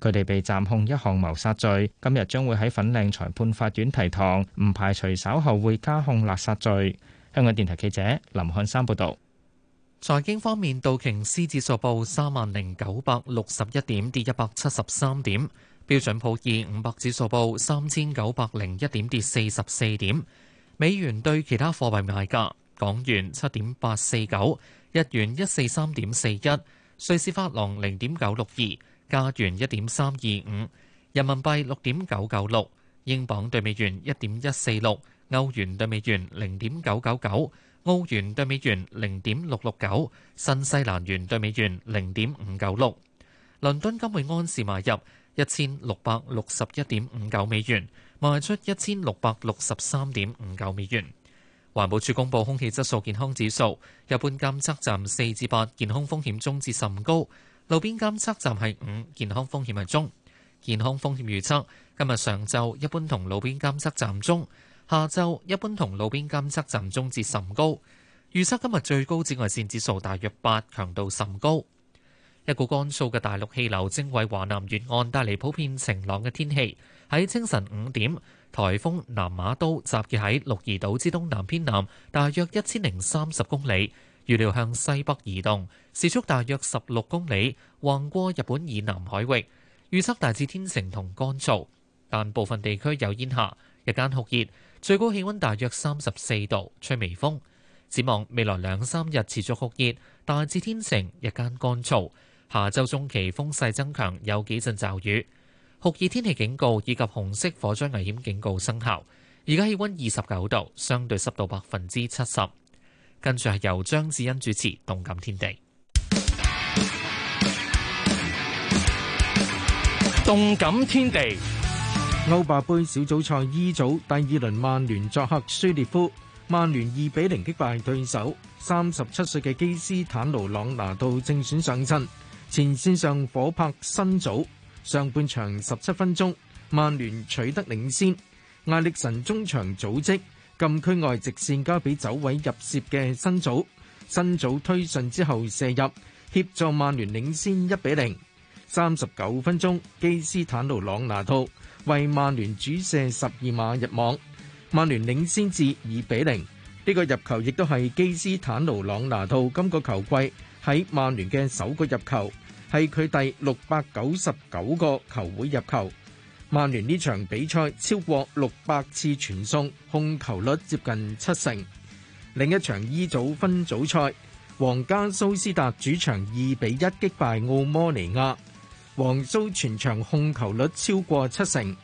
佢哋被暫控一項謀殺罪，今日將會喺粉嶺裁判法院提堂，唔排除稍後會加控殺殺罪。香港電台記者林漢山報道。財經方面，道瓊斯指數報三萬零九百六十一點，跌一百七十三點；標準普爾五百指數報三千九百零一點，跌四十四點。美元對其他貨幣賣價：港元七點八四九，日元一四三點四一，瑞士法郎零點九六二，加元一點三二五，人民幣六點九九六，英鎊對美元一點一四六，歐元對美元零點九九九。澳元兌美元零點六六九，新西蘭元兌美元零點五九六。倫敦金每安士買入一千六百六十一點五九美元，賣出一千六百六十三點五九美元。環保署公布空氣質素健康指數，一般監測站四至八，健康風險中至甚高；路邊監測站係五，健康風險係中。健康風險預測今日上晝一般同路邊監測站中。下晝一般同路邊監測站中至甚高，預測今日最高紫外線指數大約八，強度甚高。一股乾燥嘅大陸氣流正為華南沿岸帶嚟普遍晴朗嘅天氣。喺清晨五點，颱風南馬都集結喺鹿兒島之東南偏南，大約一千零三十公里，預料向西北移動，時速大約十六公里，橫過日本以南海域。預測大致天晴同乾燥，但部分地區有煙霞，日間酷熱。最高氣溫大約三十四度，吹微風。展望未來兩三日持續酷熱，大致天晴，日間乾燥。下周中期風勢增強，有幾陣驟雨。酷熱天氣警告以及紅色火災危險警告生效。而家氣溫二十九度，相對濕度百分之七十。跟住係由張智恩主持《動感天地》。《動感天地》歐霸盃小組賽 E 組第二輪，曼聯作客舒列夫。曼聯二比零擊敗對手。三十七歲嘅基斯坦奴·朗拿度正選上陣。前線上火拍新祖。上半場十七分鐘，曼聯取得領先。艾力神中場組織禁區外直線交俾走位入涉嘅新祖。新祖推進之後射入，協助曼聯領先一比零。三十九分鐘，基斯坦奴·朗拿度。為曼聯主射十二碼入網，曼聯領先至二比零。呢、這個入球亦都係基斯坦奴朗拿度今個球季喺曼聯嘅首個入球，係佢第六百九十九個球會入球。曼聯呢場比賽超過六百次傳送，控球率接近七成。另一場 E 組分組賽，皇家蘇斯達主場二比一擊敗奧摩尼亞。黃蘇全場控球率超過七成，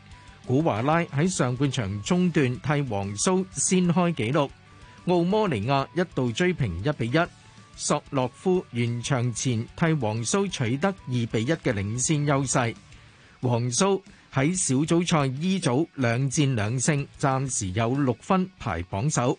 古華拉喺上半場中段替黃蘇先開紀錄，奧摩尼亞一度追平一比一，索洛夫完場前替黃蘇取得二比一嘅領先優勢，黃蘇喺小組賽 E 組兩戰兩勝，暫時有六分排榜首。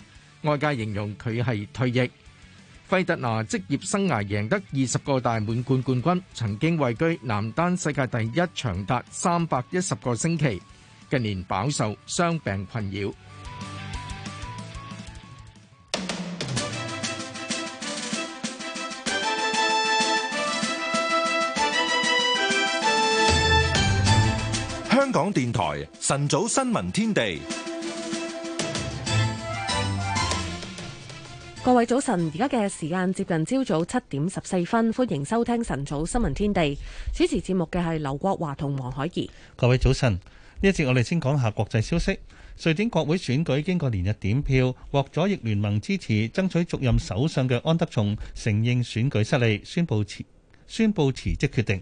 外界形容佢係退役。費特拿職業生涯贏得二十個大滿貫冠軍，曾經位居男單世界第一長達三百一十個星期。近年飽受傷病困擾。香港電台晨早新聞天地。各位早晨，而家嘅時間接近朝早七點十四分，歡迎收聽晨早新聞天地。主持節目嘅係劉國華同黃海怡。各位早晨，呢一節我哋先講下國際消息。瑞典國會選舉經過連日點票，獲左翼聯盟支持，爭取續任首相嘅安德松承認選舉失利，宣布辭宣布辭職決定。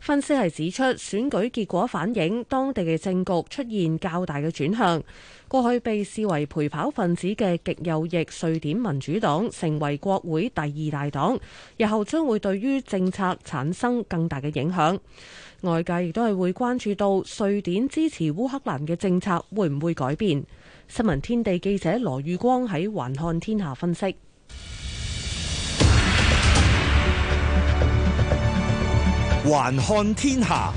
分析係指出，選舉結果反映當地嘅政局出現較大嘅轉向。過去被視為陪跑分子嘅極右翼瑞典民主黨成為國會第二大黨，日後將會對於政策產生更大嘅影響。外界亦都係會關注到瑞典支持烏克蘭嘅政策會唔會改變。新聞天地記者羅宇光喺環看天下分析。還看天下。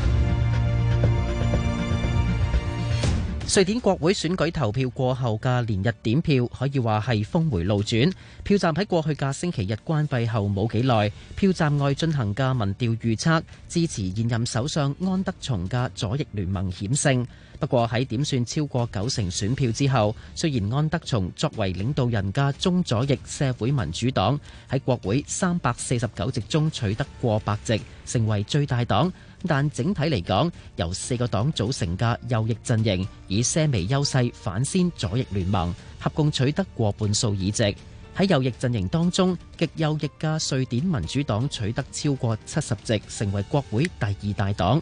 瑞典國會選舉投票過後嘅連日點票，可以話係峰回路轉。票站喺過去嘅星期日關閉後冇幾耐，票站外進行嘅民調預測，支持現任首相安德松嘅左翼聯盟險勝。不過喺點算超過九成選票之後，雖然安德松作為領導人嘅中左翼社會民主黨喺國會三百四十九席中取得過百席，成為最大黨，但整體嚟講，由四個黨組成嘅右翼陣營以些微優勢反先左翼聯盟，合共取得過半數議席。喺右翼陣營當中，極右翼嘅瑞典民主黨取得超過七十席，成為國會第二大黨。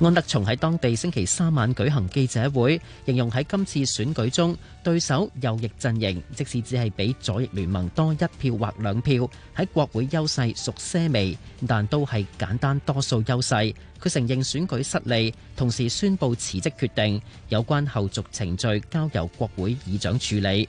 安德松喺當地星期三晚舉行記者會，形容喺今次選舉中，對手右翼陣營即使只係比左翼聯盟多一票或兩票，喺國會優勢屬些微，但都係簡單多數優勢。佢承認選舉失利，同時宣布辭職決定，有關後續程序交由國會議長處理。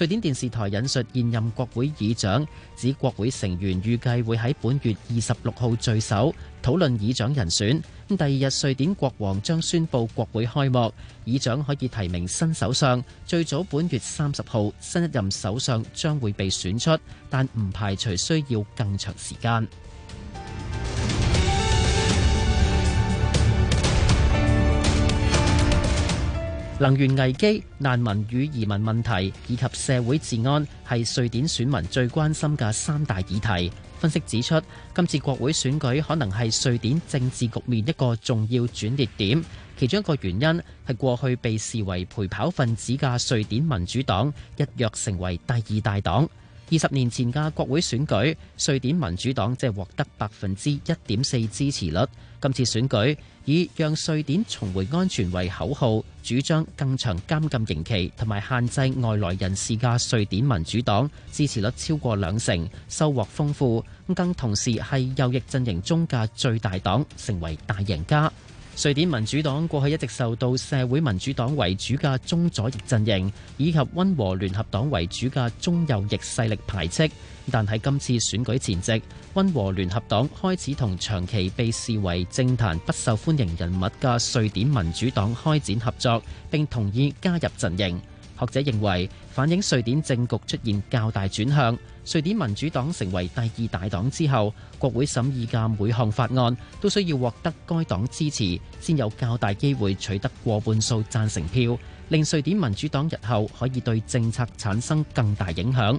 瑞典電視台引述現任國會議長指，國會成員預計會喺本月二十六號聚首討論議長人選，第二日，瑞典國王將宣布國會開幕，議長可以提名新首相。最早本月三十號新一任首相將會被選出，但唔排除需要更長時間。能源危機、難民與移民問題，以及社會治安係瑞典選民最關心嘅三大議題。分析指出，今次國會選舉可能係瑞典政治局面一個重要轉捩點。其中一個原因係過去被視為陪跑分子嘅瑞典民主黨一躍成為第二大黨。二十年前嘅國會選舉，瑞典民主黨即係獲得百分之一點四支持率。今次選舉，以讓瑞典重回安全為口號，主張更長監禁刑期，同埋限制外來人士嘅瑞典民主黨支持率超過兩成，收穫豐富，更同時係右翼陣營中嘅最大黨，成為大贏家。瑞典民主黨過去一直受到社會民主黨為主嘅中左翼陣營，以及溫和聯合黨為主嘅中右翼勢力排斥。但喺今次選舉前夕，溫和聯合黨開始同長期被視為政壇不受歡迎人物嘅瑞典民主黨開展合作，並同意加入陣營。學者認為，反映瑞典政局出現較大轉向。瑞典民主黨成為第二大黨之後，國會審議嘅每項法案都需要獲得該黨支持，先有較大機會取得過半數贊成票，令瑞典民主黨日後可以對政策產生更大影響。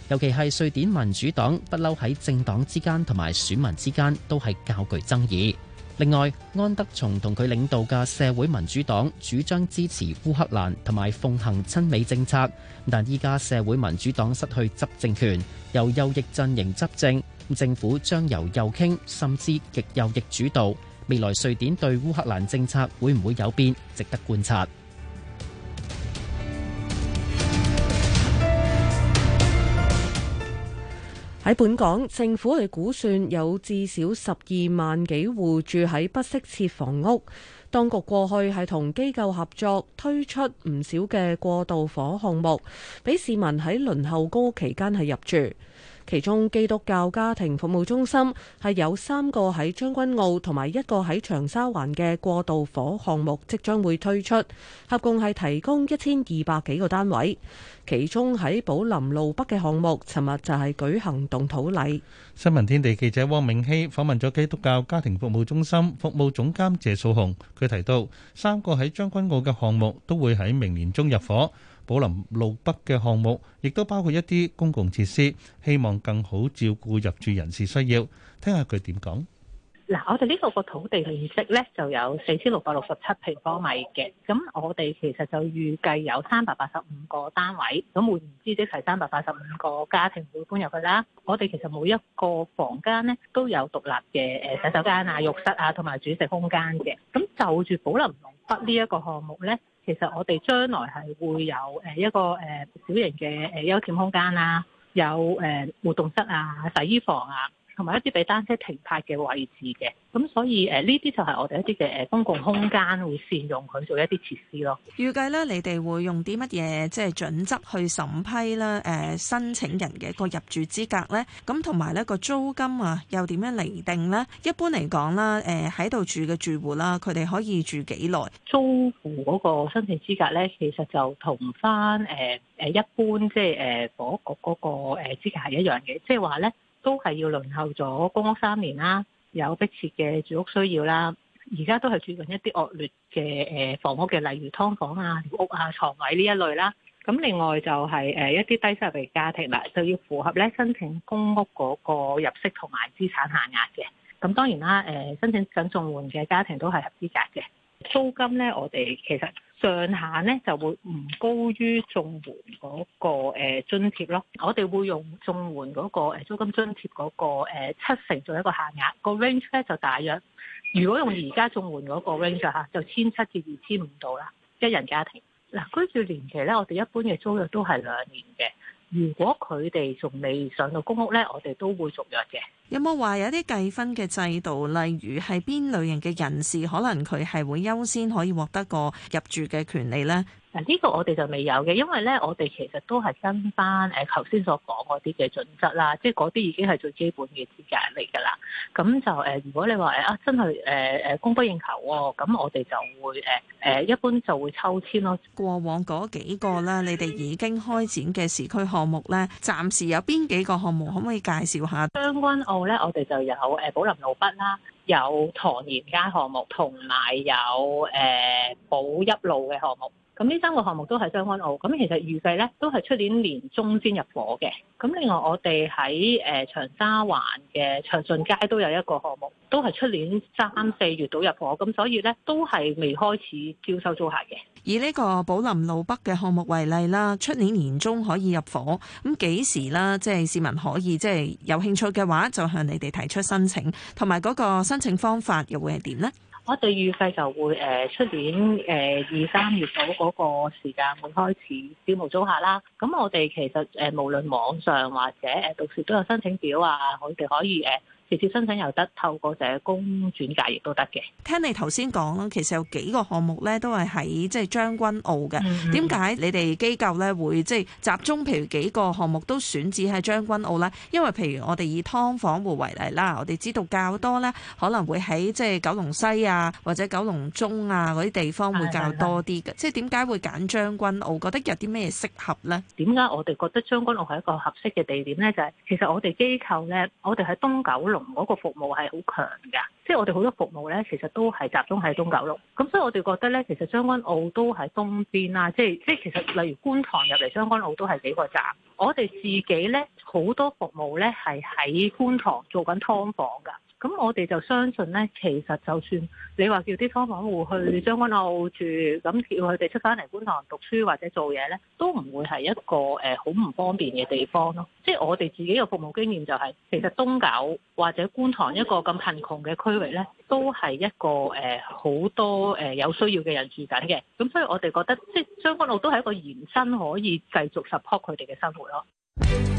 尤其係瑞典民主黨不嬲喺政黨之間同埋選民之間都係較具爭議。另外，安德松同佢領導嘅社會民主黨主張支持烏克蘭同埋奉行親美政策，但依家社會民主黨失去執政權，由右翼陣營執政，政府將由右傾甚至極右翼主導。未來瑞典對烏克蘭政策會唔會有變，值得觀察。喺本港，政府係估算有至少十二萬幾戶住喺不適切房屋。當局過去係同機構合作推出唔少嘅過渡房項目，俾市民喺輪候公屋期間係入住。其中基督教家庭服務中心係有三個喺將軍澳同埋一個喺長沙灣嘅過渡火項目即將會推出，合共係提供一千二百幾個單位。其中喺寶林路北嘅項目，尋日就係舉行動土禮，新聞天地記者汪明希訪問咗基督教家庭服務中心服務總監謝素雄，佢提到三個喺將軍澳嘅項目都會喺明年中入伙。寶林路北嘅項目，亦都包括一啲公共設施，希望更好照顧入住人士需要，聽下佢點講。嗱，我哋呢度個土地面積咧就有四千六百六十七平方米嘅，咁我哋其實就預計有三百八十五個單位，咁換言之，即係三百八十五個家庭會搬入去啦。我哋其實每一個房間咧都有獨立嘅誒洗手間啊、浴室啊，同埋主食空間嘅。咁就住寶林路北呢一個項目咧。其實我哋將來係會有誒一個誒小型嘅誒休憩空間啦，有誒活動室啊、洗衣房啊。同埋一啲俾單車停泊嘅位置嘅，咁所以誒呢啲就係我哋一啲嘅誒公共空間會善用佢做一啲設施咯。預計咧，你哋會用啲乜嘢即係準則去審批啦，誒、呃、申請人嘅一個入住資格咧，咁同埋咧個租金啊，又點樣嚟定咧？一般嚟講啦，誒喺度住嘅住戶啦，佢哋可以住幾耐？租戶嗰個申請資格咧，其實就同翻誒誒一般即係誒房屋局嗰個資格係一樣嘅，即係話咧。都係要輪候咗公屋三年啦，有迫切嘅住屋需要啦。而家都係住緊一啲惡劣嘅誒房屋嘅，例如劏房啊、房屋啊、床位呢一類啦。咁另外就係誒一啲低收入嘅家庭啦，就要符合咧申請公屋嗰個入息同埋資產限額嘅。咁當然啦，誒申請想仲換嘅家庭都係合資格嘅。租金呢，我哋其實上限呢就會唔高於綜援嗰個誒津貼咯。我哋會用綜援嗰個誒租金津貼嗰、那個誒、呃、七成做一個限額。那個 range 呢就大約，如果用而家綜援嗰個 range 吓，就千七至二千五度啦。一人家庭嗱，居住年期呢，我哋一般嘅租約都係兩年嘅。如果佢哋仲未上到公屋呢，我哋都會續約嘅。有冇話有啲計分嘅制度，例如係邊類型嘅人士，可能佢係會優先可以獲得個入住嘅權利呢？嗱，呢個我哋就未有嘅，因為咧，我哋其實都係跟翻誒頭先所講嗰啲嘅準則啦，即係嗰啲已經係最基本嘅資格嚟㗎啦。咁就誒、呃，如果你話誒啊，真係誒誒供不應求喎、啊，咁我哋就會誒誒、呃、一般就會抽籤咯。過往嗰幾個咧，你哋已經開展嘅市區項目咧，暫時有邊幾個項目可唔可以介紹下？將軍澳咧，我哋就有誒寶林路北啦，有唐賢街項目，同埋有誒寶、呃、一路嘅項目。咁呢三個項目都係將軍澳，咁其實預計呢都係出年年中先入伙嘅。咁另外我哋喺誒長沙灣嘅長順街都有一個項目，都係出年三四月度入伙。咁所以呢，都係未開始招收租客嘅。以呢個寶林路北嘅項目為例啦，出年年中可以入伙。咁幾時啦？即係市民可以即係有興趣嘅話，就向你哋提出申請，同埋嗰個申請方法又會係點呢？我哋預計就會誒出、呃、年誒、呃、二三月度嗰個時間會開始招募租客啦。咁我哋其實誒、呃、無論網上或者誒、呃、到時都有申請表啊，我哋可以誒。呃直接申請又得，透過社工轉介亦都得嘅。聽你頭先講啦，其實有幾個項目咧都係喺即係將軍澳嘅。點解、嗯、你哋機構咧會即係集中？譬如幾個項目都選址喺將軍澳咧，因為譬如我哋以劏房戶為例啦，我哋知道較多咧可能會喺即係九龍西啊或者九龍中啊嗰啲地方會較多啲嘅。即係點解會揀將軍澳？覺得有啲咩適合咧？點解我哋覺得將軍澳係一個合適嘅地點咧？就係、是、其實我哋機構咧，我哋喺東九龍。嗰個服務係好強㗎，即係我哋好多服務呢，其實都係集中喺東九龍。咁所以我哋覺得呢，其實將軍澳都喺東邊啦。即係即係，其實例如觀塘入嚟，將軍澳都係幾個站。我哋自己呢，好多服務呢係喺觀塘做緊劏房㗎。咁我哋就相信呢，其實就算你話叫啲劏房戶去將軍澳住，咁叫佢哋出翻嚟觀塘讀書或者做嘢呢，都唔會係一個誒好唔方便嘅地方咯。即係我哋自己嘅服務經驗，就係，就係其實東九或者觀塘一個咁貧窮嘅區域呢，都係一個誒好、呃、多誒、呃、有需要嘅人住緊嘅。咁所以我哋覺得，即係將軍澳都係一個延伸可以繼續 support 佢哋嘅生活咯。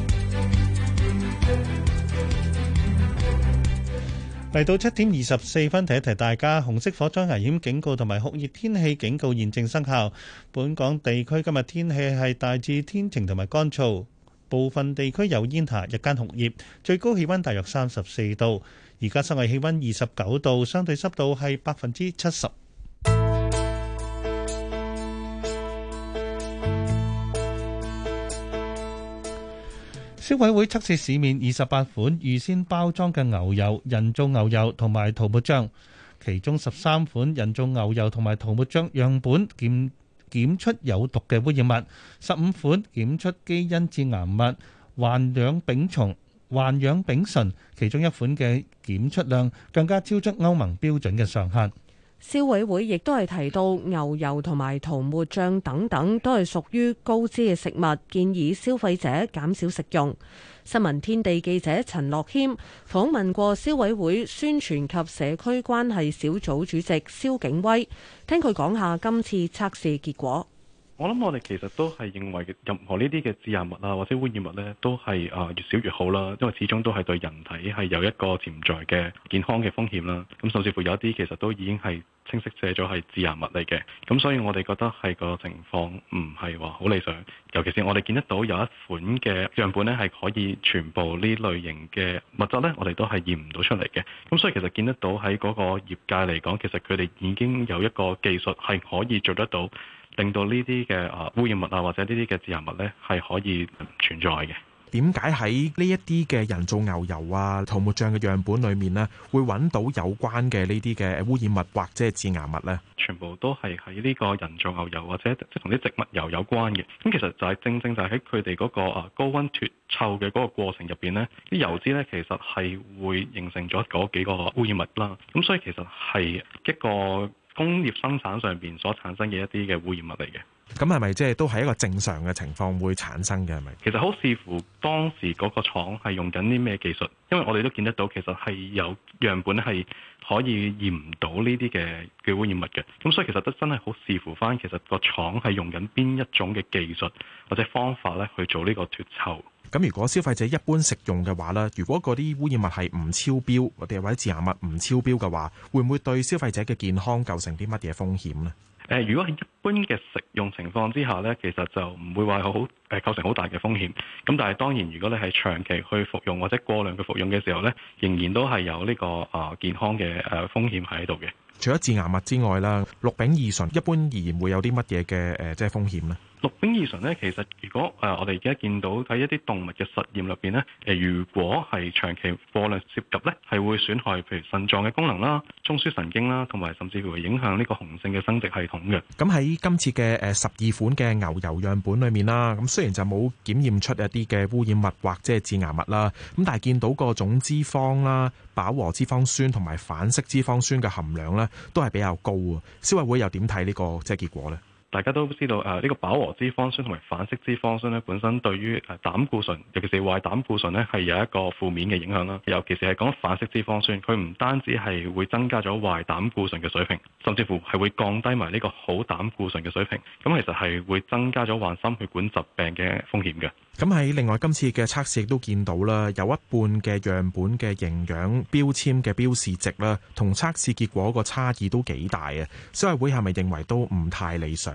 嚟到七點二十四分，提一提大家，紅色火災危險警告同埋酷熱天氣警告現正生效。本港地區今日天氣係大致天晴同埋乾燥，部分地區有煙霞，日間酷熱，最高氣温大約三十四度。而家室外氣温二十九度，相對濕度係百分之七十。消委會測試市面二十八款預先包裝嘅牛油、人造牛油同埋塗抹醬，其中十三款人造牛油同埋塗抹醬樣本檢檢出有毒嘅污染物，十五款檢出基因致癌物環氧丙酮、環氧丙醇，其中一款嘅檢出量更加超出歐盟標準嘅上限。消委會亦都係提到牛油同埋塗抹醬等等都係屬於高脂嘅食物，建議消費者減少食用。新聞天地記者陳樂謙訪問過消委會宣傳及社區關係小組主席蕭景威，聽佢講下今次測試結果。我諗我哋其實都係認為任何呢啲嘅致癌物啊或者污染物呢，都係啊越少越好啦，因為始終都係對人體係有一個潛在嘅健康嘅風險啦。咁甚至乎有一啲其實都已經係清晰寫咗係致癌物嚟嘅。咁所以我哋覺得係個情況唔係話好理想。尤其是我哋見得到有一款嘅樣本呢，係可以全部呢類型嘅物質呢，我哋都係驗唔到出嚟嘅。咁所以其實見得到喺嗰個業界嚟講，其實佢哋已經有一個技術係可以做得到。令到呢啲嘅啊污染物啊或者物物呢啲嘅致癌物咧，係可以存在嘅。點解喺呢一啲嘅人造牛油啊、塗抹醬嘅樣本裏面咧，會揾到有關嘅呢啲嘅污染物或者係致癌物咧？全部都係喺呢個人造牛油或者即係同啲植物油有關嘅。咁其實就係正正就係喺佢哋嗰個啊高溫脫臭嘅嗰個過程入邊咧，啲油脂咧其實係會形成咗嗰幾個污染物啦。咁所以其實係一個。工業生產上邊所產生嘅一啲嘅污染物嚟嘅，咁係咪即係都係一個正常嘅情況會產生嘅？係咪？其實好視乎當時嗰個廠係用緊啲咩技術，因為我哋都見得到其實係有樣本係可以驗唔到呢啲嘅嘅污染物嘅，咁所以其實都真係好視乎返其實個廠係用緊邊一種嘅技術或者方法咧去做呢個脫臭。咁如果消費者一般食用嘅話咧，如果嗰啲污染物係唔超標，或者或者致癌物唔超標嘅話，會唔會對消費者嘅健康構成啲乜嘢風險呢？誒，如果係一般嘅食用情況之下咧，其實就唔會話好誒構成好大嘅風險。咁但係當然，如果你係長期去服用或者過量去服用嘅時候咧，仍然都係有呢個啊健康嘅誒風險喺度嘅。除咗致癌物之外啦，氯丙二醇一般而言會有啲乜嘢嘅誒，即係風險呢？氯丙二醇呢，其實如果誒我哋而家見到喺一啲動物嘅實驗入邊呢，誒如果係長期過量攝入呢，係會損害譬如腎臟嘅功能啦、中樞神經啦，同埋甚至乎會影響呢個雄性嘅生殖系統嘅。咁喺今次嘅誒十二款嘅牛油樣本裏面啦，咁雖然就冇檢驗出一啲嘅污染物或者係致癌物啦，咁但係見到個總脂肪啦。飽和脂肪酸同埋反式脂肪酸嘅含量咧，都係比較高啊！消委會又點睇呢個即係結果咧？大家都知道，誒呢個飽和脂肪酸同埋反式脂肪酸咧，本身對於誒膽固醇，尤其是壞膽固醇咧，係有一個負面嘅影響啦。尤其是係講反式脂肪酸，佢唔單止係會增加咗壞膽固醇嘅水平，甚至乎係會降低埋呢個好膽固醇嘅水平。咁其實係會增加咗患心血管疾病嘅風險嘅。咁喺另外今次嘅測試亦都見到啦，有一半嘅樣本嘅營養標籤嘅標示值啦，同測試結果個差異都幾大啊！消委會係咪認為都唔太理想？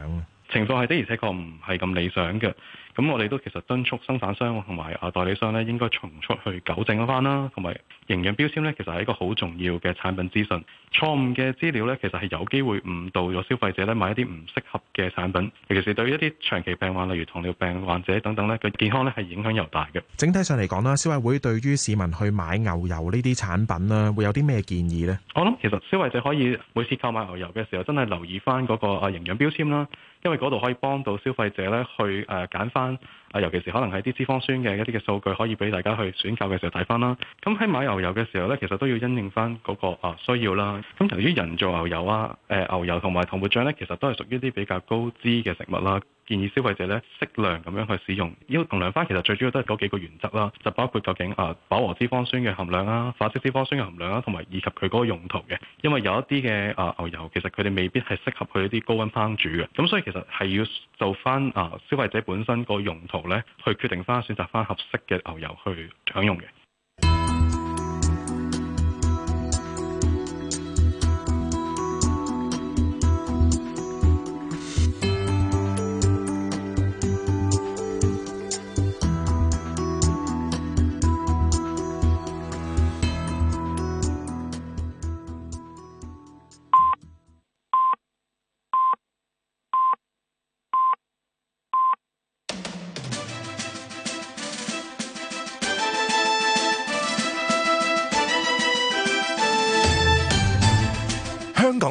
情況係的，的，而且確唔係咁理想嘅。咁我哋都其實敦促生產商同埋啊代理商咧，應該重出去糾正一翻啦，同埋。營養標籤咧，其實係一個好重要嘅產品資訊。錯誤嘅資料咧，其實係有機會誤導咗消費者咧，買一啲唔適合嘅產品，尤其是對於一啲長期病患，例如糖尿病患者等等咧，佢健康咧係影響又大嘅。整體上嚟講啦，消委會對於市民去買牛油呢啲產品咧，會有啲咩建議呢？我諗其實消費者可以每次購買牛油嘅時候，真係留意翻嗰個啊營養標籤啦，因為嗰度可以幫到消費者咧去誒揀翻。啊，尤其是可能係啲脂肪酸嘅一啲嘅數據，可以俾大家去選購嘅時候睇翻啦。咁喺買牛油嘅時候呢，其實都要因應翻嗰個啊需要啦。咁由於人造牛油啊、誒、呃、牛油同埋糖活醬呢，其實都係屬於啲比較高脂嘅食物啦。建議消費者咧適量咁樣去使用，要衡量翻其實最主要都係嗰幾個原則啦，就包括究竟啊飽和脂肪酸嘅含量啦、化式脂肪酸嘅含量啦，同埋以及佢嗰個用途嘅。因為有一啲嘅啊牛油其實佢哋未必係適合佢一啲高溫烹煮嘅，咁所以其實係要做翻啊消費者本身個用途咧，去決定翻選擇翻合適嘅牛油去享用嘅。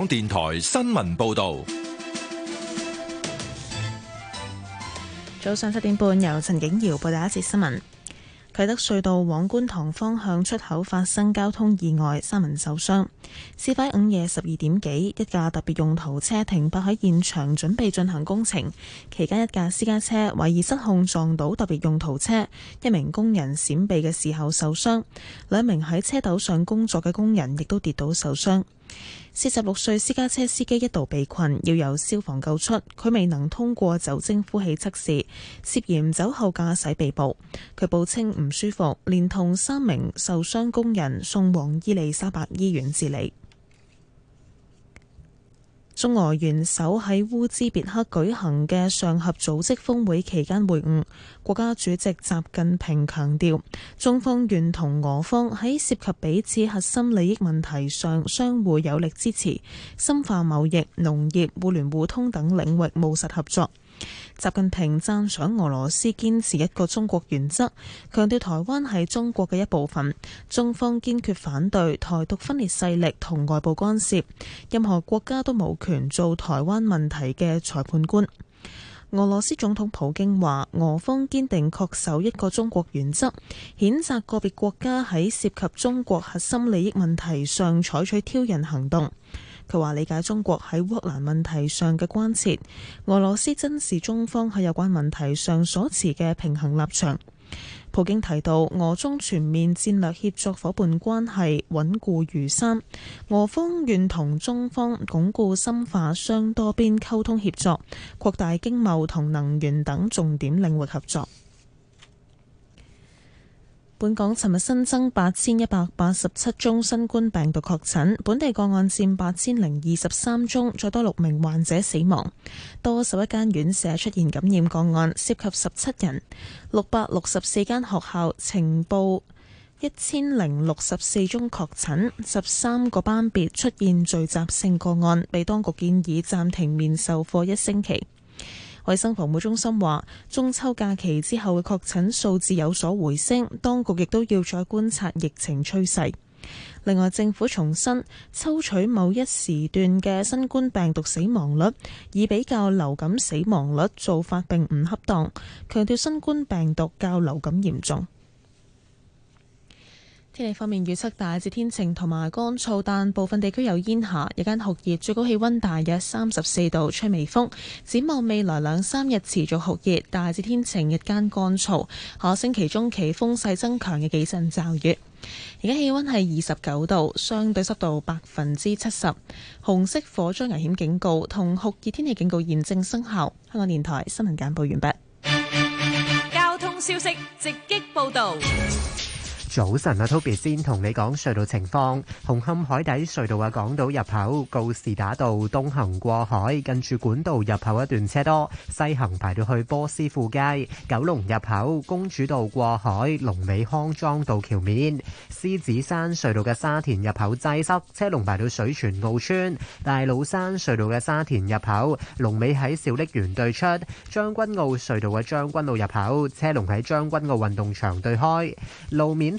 電台新聞報道：早上七點半，由陳景堯報道一節新聞。啟德隧道往觀塘方向出口發生交通意外，三人受傷。事發午夜十二點幾，一架特別用途車停泊喺現場，準備進行工程。期間，一架私家車懷疑失控撞到特別用途車，一名工人閃避嘅時候受傷，兩名喺車斗上工作嘅工人亦都跌倒受傷。四十六歲私家車司機一度被困，要由消防救出。佢未能通過酒精呼氣測試，涉嫌酒後駕駛被捕。佢報稱唔舒服，連同三名受傷工人送往伊利沙伯醫院治理。中俄元首喺烏茲別克舉行嘅上合組織峰會期間會晤，國家主席習近平強調，中方願同俄方喺涉及彼此核心利益問題上相互有力支持，深化貿易、農業、互聯互通等領域務實合作。習近平贊賞俄羅斯堅持一個中國原則，強調台灣係中國嘅一部分。中方堅決反對台獨分裂勢力同外部干涉，任何國家都冇權做台灣問題嘅裁判官。俄羅斯總統普京話，俄方堅定恪守一個中國原則，譴責個別國家喺涉及中國核心利益問題上採取挑釁行動。佢話理解中國喺烏克蘭問題上嘅關切，俄羅斯珍視中方喺有關問題上所持嘅平衡立場。普京提到，俄中全面戰略協作伙伴關係穩固如山，俄方願同中方鞏固深化雙多邊溝通協作，擴大經貿同能源等重點領域合作。本港尋日新增八千一百八十七宗新冠病毒確診，本地個案佔八千零二十三宗，再多六名患者死亡。多十一間院舍出現感染個案，涉及十七人。六百六十四間學校呈報一千零六十四宗確診，十三個班別出現聚集性個案，被當局建議暫停面授課一星期。衛生防護中心話，中秋假期之後嘅確診數字有所回升，當局亦都要再觀察疫情趨勢。另外，政府重申抽取某一時段嘅新冠病毒死亡率，以比較流感死亡率做法並唔恰當，強調新冠病毒較流感嚴重。天氣方面預測大致天晴同埋乾燥，但部分地區有煙霞，日間酷熱，最高氣溫大約三十四度，吹微風。展望未來兩三日持續酷熱，大致天晴，日間乾燥。下星期中期風勢增強嘅幾陣驟雨。而家氣溫係二十九度，相對濕度百分之七十。紅色火災危險警告同酷熱天氣警告現正生效。香港電台新聞簡報完畢。交通消息直擊報道。早晨啊，Toby 先同你講隧道情況。紅磡海底隧道嘅港島入口告士打道東行過海，近住管道入口一段車多；西行排到去波斯富街。九龍入口公主道過海，龍尾康莊道橋面。獅子山隧道嘅沙田入口擠塞，車龍排到水泉澳村。大老山隧道嘅沙田入口龍尾喺小瀝源對出。將軍澳隧道嘅將軍澳入口車龍喺將軍澳運動場對開，路面。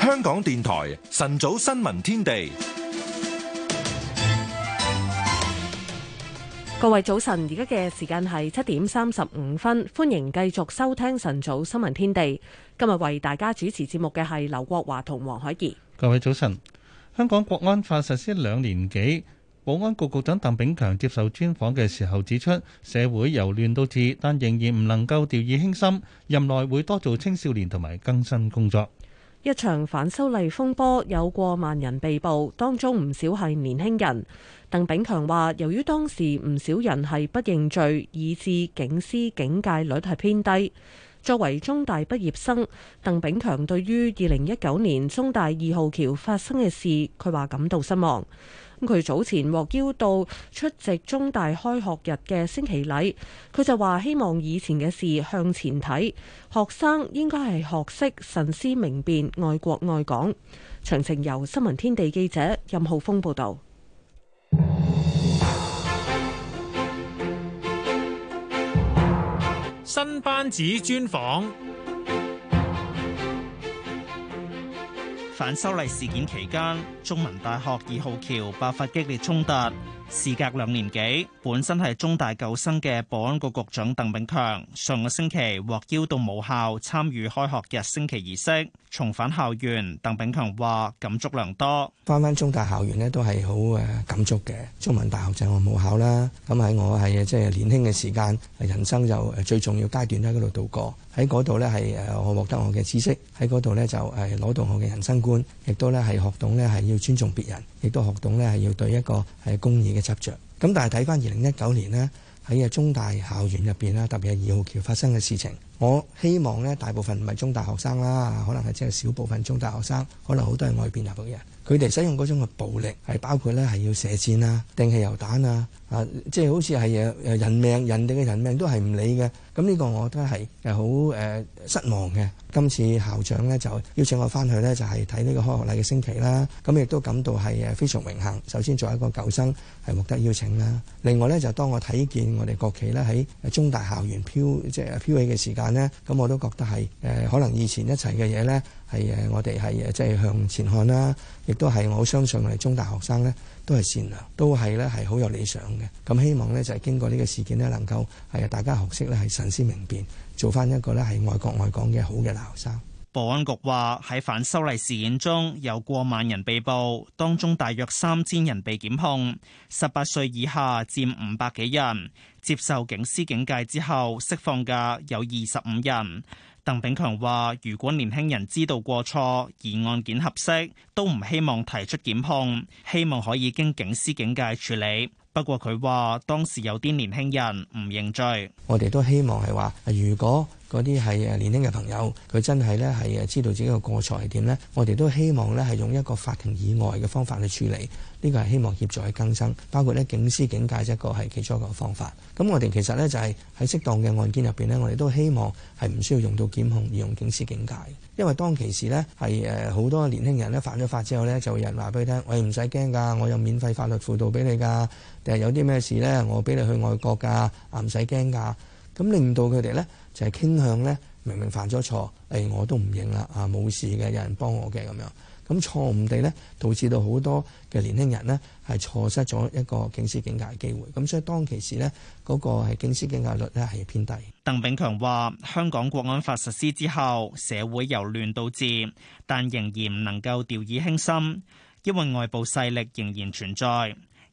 香港電台晨早新聞天地，各位早晨，而家嘅時間係七點三十五分，歡迎繼續收聽晨早新聞天地。今日為大家主持節目嘅係劉國華同黃海怡。各位早晨，香港國安法實施兩年幾，保安局局長鄧炳強接受專訪嘅時候指出，社會由亂到治，但仍然唔能夠掉以輕心。任內會多做青少年同埋更新工作。一場反修例風波有過萬人被捕，當中唔少係年輕人。鄧炳強話，由於當時唔少人係不認罪，以致警司警戒率係偏低。作為中大畢業生，鄧炳強對於二零一九年中大二號橋發生嘅事，佢話感到失望。咁佢早前獲邀到出席中大開學日嘅升旗禮，佢就話希望以前嘅事向前睇，學生應該係學識慎思明辨，愛國愛港。詳情由新聞天地記者任浩峰報導。新班子專訪。反修例事件期間，中文大學二號橋爆發激烈衝突。事隔兩年幾，本身係中大舊生嘅保安局局長鄧炳強，上個星期獲邀到母校參與開學日升旗儀式，重返校園。鄧炳強話感觸良多，翻翻中大校園呢，都係好誒感觸嘅。中文大學就我母校啦，咁喺我係即係年輕嘅時間，人生就最重要階段喺嗰度度過。喺嗰度呢，係誒我獲得我嘅知識，喺嗰度呢，就係攞到我嘅人生觀，亦都呢，係學懂呢，係要尊重別人，亦都學懂呢，係要對一個係公義嘅執著。咁但係睇翻二零一九年呢喺個中大校園入邊啦，特別係二號橋發生嘅事情。我希望咧，大部分唔係中大學生啦，可能係即係少部分中大學生，可能好多係外邊嗱嗰啲人，佢哋使用嗰種嘅暴力，係包括咧係要射箭啊、掟汽油彈啊，啊，即係好似係誒誒人命，人哋嘅人命都係唔理嘅。咁呢個我都係誒好誒失望嘅。今次校長咧就邀請我翻去咧，就係睇呢個開學禮嘅升旗啦。咁亦都感到係誒非常榮幸。首先作為一個舊生係獲得邀請啦。另外咧就當我睇見我哋國旗咧喺中大校園飄即係飄起嘅時間。咧咁我都覺得係誒，可能以前一齊嘅嘢咧，係誒我哋係即係向前看啦，亦都係我好相信我哋中大學生咧都係善良，都係咧係好有理想嘅。咁希望咧就係經過呢個事件咧，能夠係大家學識咧係慎思明辨，做翻一個咧係愛國愛港嘅好嘅大學生。保安局話喺反修例事件中有過萬人被捕，當中大約三千人被檢控。十八歲以下佔五百幾人，接受警司警戒之後釋放嘅有二十五人。鄧炳強話：如果年輕人知道過錯而案件合適，都唔希望提出檢控，希望可以經警司警戒處理。不過佢話當時有啲年輕人唔認罪。我哋都希望係話，如果嗰啲係誒年輕嘅朋友，佢真係咧係誒知道自己個過錯係點呢？我哋都希望呢係用一個法庭以外嘅方法去處理，呢、這個係希望協助去更生，包括呢警司警戒一個係其中一個方法。咁我哋其實呢就係喺適當嘅案件入邊呢，我哋都希望係唔需要用到檢控而用警司警戒，因為當其時呢係誒好多年輕人呢犯咗法之後呢，就有人話俾你聽，喂唔使驚㗎，我有免費法律輔導俾你㗎。定係有啲咩事呢？我俾你去外國㗎啊，唔使驚㗎。咁令到佢哋呢。就係傾向咧，明明犯咗錯，誒、哎、我都唔認啦，啊冇事嘅，有人幫我嘅咁樣咁錯誤地咧，導致到好多嘅年輕人咧係錯失咗一個警司警戒機會。咁、嗯、所以當其時呢嗰、那個警司警戒率咧係偏低。鄧炳強話：香港國安法實施之後，社會由亂到治，但仍然唔能夠掉以輕心，因為外部勢力仍然存在，而二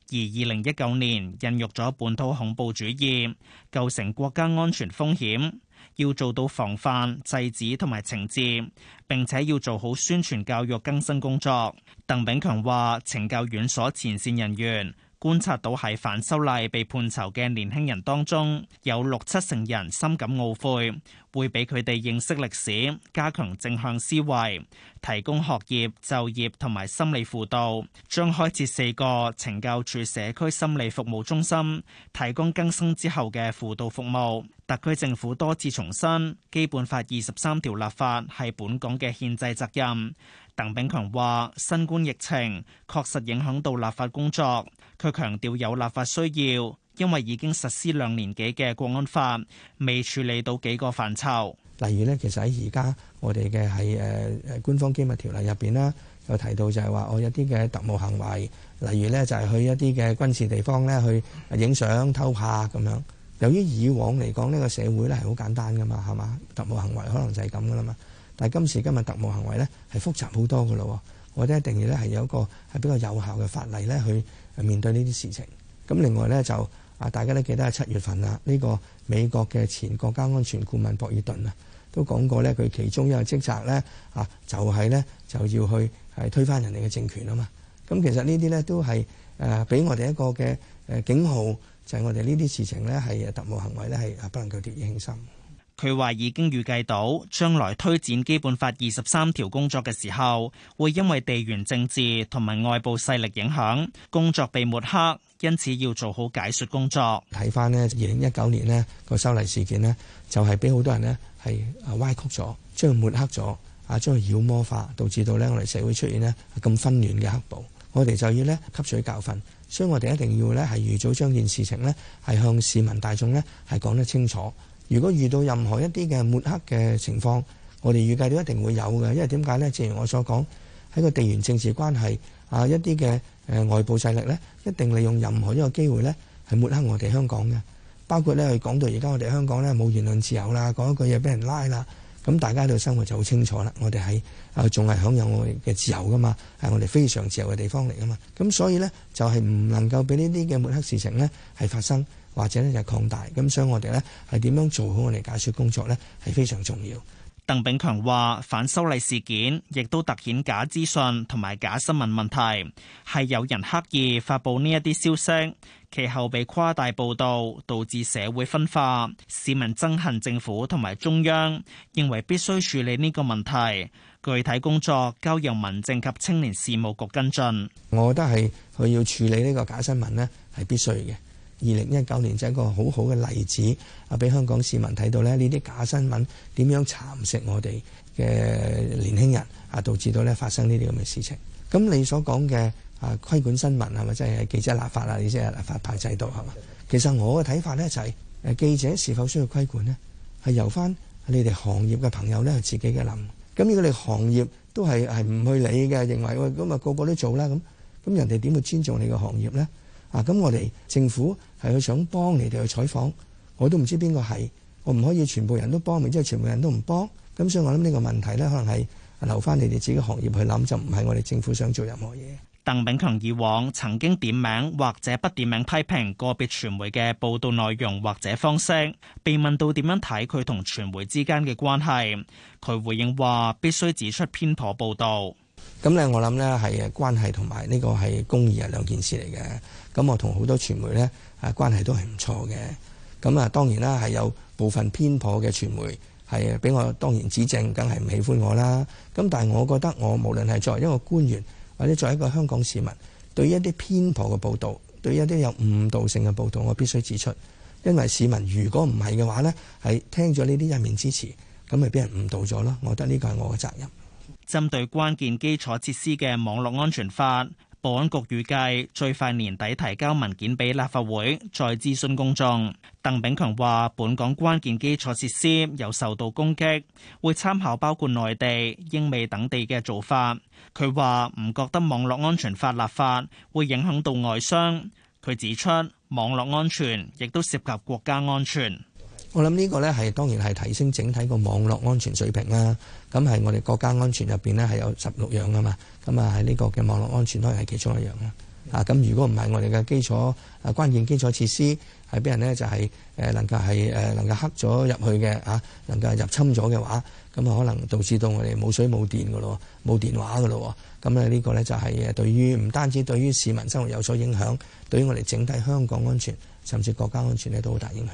零一九年孕育咗本土恐怖主義，構成國家安全風險。要做到防範、制止同埋懲治，並且要做好宣傳教育更新工作。鄧炳強話，懲教院所前線人員。觀察到喺反修例被判囚嘅年輕人當中，有六七成人深感懊悔，會俾佢哋認識歷史、加強正向思維、提供學業就業同埋心理輔導。將開設四個懲教署社區心理服務中心，提供更生之後嘅輔導服務。特區政府多次重申，《基本法》二十三條立法係本港嘅憲制責任。鄧炳強話，新冠疫情確實影響到立法工作。佢強調有立法需要，因為已經實施兩年幾嘅國安法，未處理到幾個範疇。例如呢，其實喺而家我哋嘅喺誒誒官方機密條例入邊啦，有提到就係話我有啲嘅特務行為，例如呢，就係去一啲嘅軍事地方呢，去影相偷拍咁樣。由於以往嚟講呢個社會咧係好簡單噶嘛，係咪？特務行為可能就係咁噶啦嘛。但係今時今日特務行為咧係複雜好多嘅咯，我哋一定要咧係有一個係比較有效嘅法例咧去面對呢啲事情。咁另外咧就啊，大家都記得係七月份啦，呢個美國嘅前國家安全顧問博爾頓啊，都講過咧佢其中一個職責咧啊就係咧就要去係推翻人哋嘅政權啊嘛。咁其實呢啲咧都係誒俾我哋一個嘅誒警號，就係我哋呢啲事情咧係特務行為咧係啊不能夠掉以輕心。佢話已經預計到將來推展《基本法》二十三條工作嘅時候，會因為地緣政治同埋外部勢力影響，工作被抹黑，因此要做好解說工作。睇翻呢，二零一九年呢、呢個修例事件呢，就係俾好多人呢係啊歪曲咗，將佢抹黑咗啊，將佢妖魔化，導致到呢我哋社會出現呢咁紛亂嘅黑暴。我哋就要呢吸取教訓，所以我哋一定要呢係預早將件事情呢係向市民大眾呢係講得清楚。如果遇到任何一啲嘅抹黑嘅情況，我哋預計都一定會有嘅，因為點解呢？正如我所講，喺個地緣政治關係啊，一啲嘅誒外部勢力呢，一定利用任何一個機會呢，係抹黑我哋香港嘅。包括呢，佢講到而家我哋香港呢，冇言論自由啦，講一句嘢俾人拉啦。咁大家喺度生活就好清楚啦。我哋係啊，仲係享有我哋嘅自由噶嘛，係我哋非常自由嘅地方嚟噶嘛。咁所以呢，就係唔能夠俾呢啲嘅抹黑事情呢，係發生。或者咧就擴大，咁所以我哋咧係點樣做好我哋解說工作咧，係非常重要。鄧炳強話反修例事件亦都凸顯假資訊同埋假新聞問題，係有人刻意發佈呢一啲消息，其後被誇大報道，導致社會分化，市民憎恨政府同埋中央，認為必須處理呢個問題，具體工作交由民政及青年事務局跟進，我覺得係佢要處理呢個假新聞咧，係必須嘅。二零一九年就係一個好好嘅例子，啊，俾香港市民睇到咧，呢啲假新聞點樣蠶食我哋嘅年輕人，啊，導致到咧發生呢啲咁嘅事情。咁你所講嘅啊規管新聞係咪即係記者立法啊？呢啲係立法派制度係嘛？其實我嘅睇法咧就係，誒記者是否需要規管咧，係由翻你哋行業嘅朋友咧自己嘅諗。咁如果你行業都係係唔去理嘅，認為喂咁啊個個都做啦咁，咁人哋點會尊重你個行業咧？咁、啊、我哋政府係去想幫你哋去採訪，我都唔知邊個係。我唔可以全部人都幫，然之後全部人都唔幫。咁、嗯、所以我諗呢個問題呢，可能係留翻你哋自己行業去諗，就唔係我哋政府想做任何嘢。鄧炳強以往曾經點名或者不點名批評個別傳媒嘅報道內容或者方式，被問到點樣睇佢同傳媒之間嘅關係，佢回應話必須指出偏頗報道。咁咧、嗯，我諗呢係關係同埋呢個係公義係兩件事嚟嘅。咁、嗯、我同好多傳媒呢，啊關係都係唔錯嘅。咁、嗯、啊當然啦，係有部分偏頗嘅傳媒係俾我當然指正，梗係唔喜歡我啦。咁、嗯、但係我覺得我無論係作為一個官員，或者作為一個香港市民，對於一啲偏頗嘅報導，對於一啲有誤導性嘅報導，我必須指出。因為市民如果唔係嘅話呢，係聽咗呢啲一面之詞，咁咪俾人誤導咗咯。我覺得呢個係我嘅責任。針對關鍵基礎設施嘅網絡安全法。保安局預計最快年底提交文件俾立法會，再諮詢公衆。鄧炳強話：本港關鍵基礎設施有受到攻擊，會參考包括內地、英美等地嘅做法。佢話唔覺得網絡安全法立法會影響到外商。佢指出，網絡安全亦都涉及國家安全。我諗呢個咧係當然係提升整體個網絡安全水平啦。咁係我哋國家安全入邊咧係有十六樣噶嘛。咁啊喺呢個嘅網絡安全當然係其中一樣啦。啊咁，如果唔係我哋嘅基礎啊關鍵基礎設施係俾人咧就係誒能夠係誒能夠黑咗入去嘅啊，能夠入侵咗嘅話，咁啊可能導致到我哋冇水冇電噶咯，冇電話噶咯。咁啊呢個咧就係對於唔單止對於市民生活有所影響，對於我哋整體香港安全甚至國家安全咧都好大影響。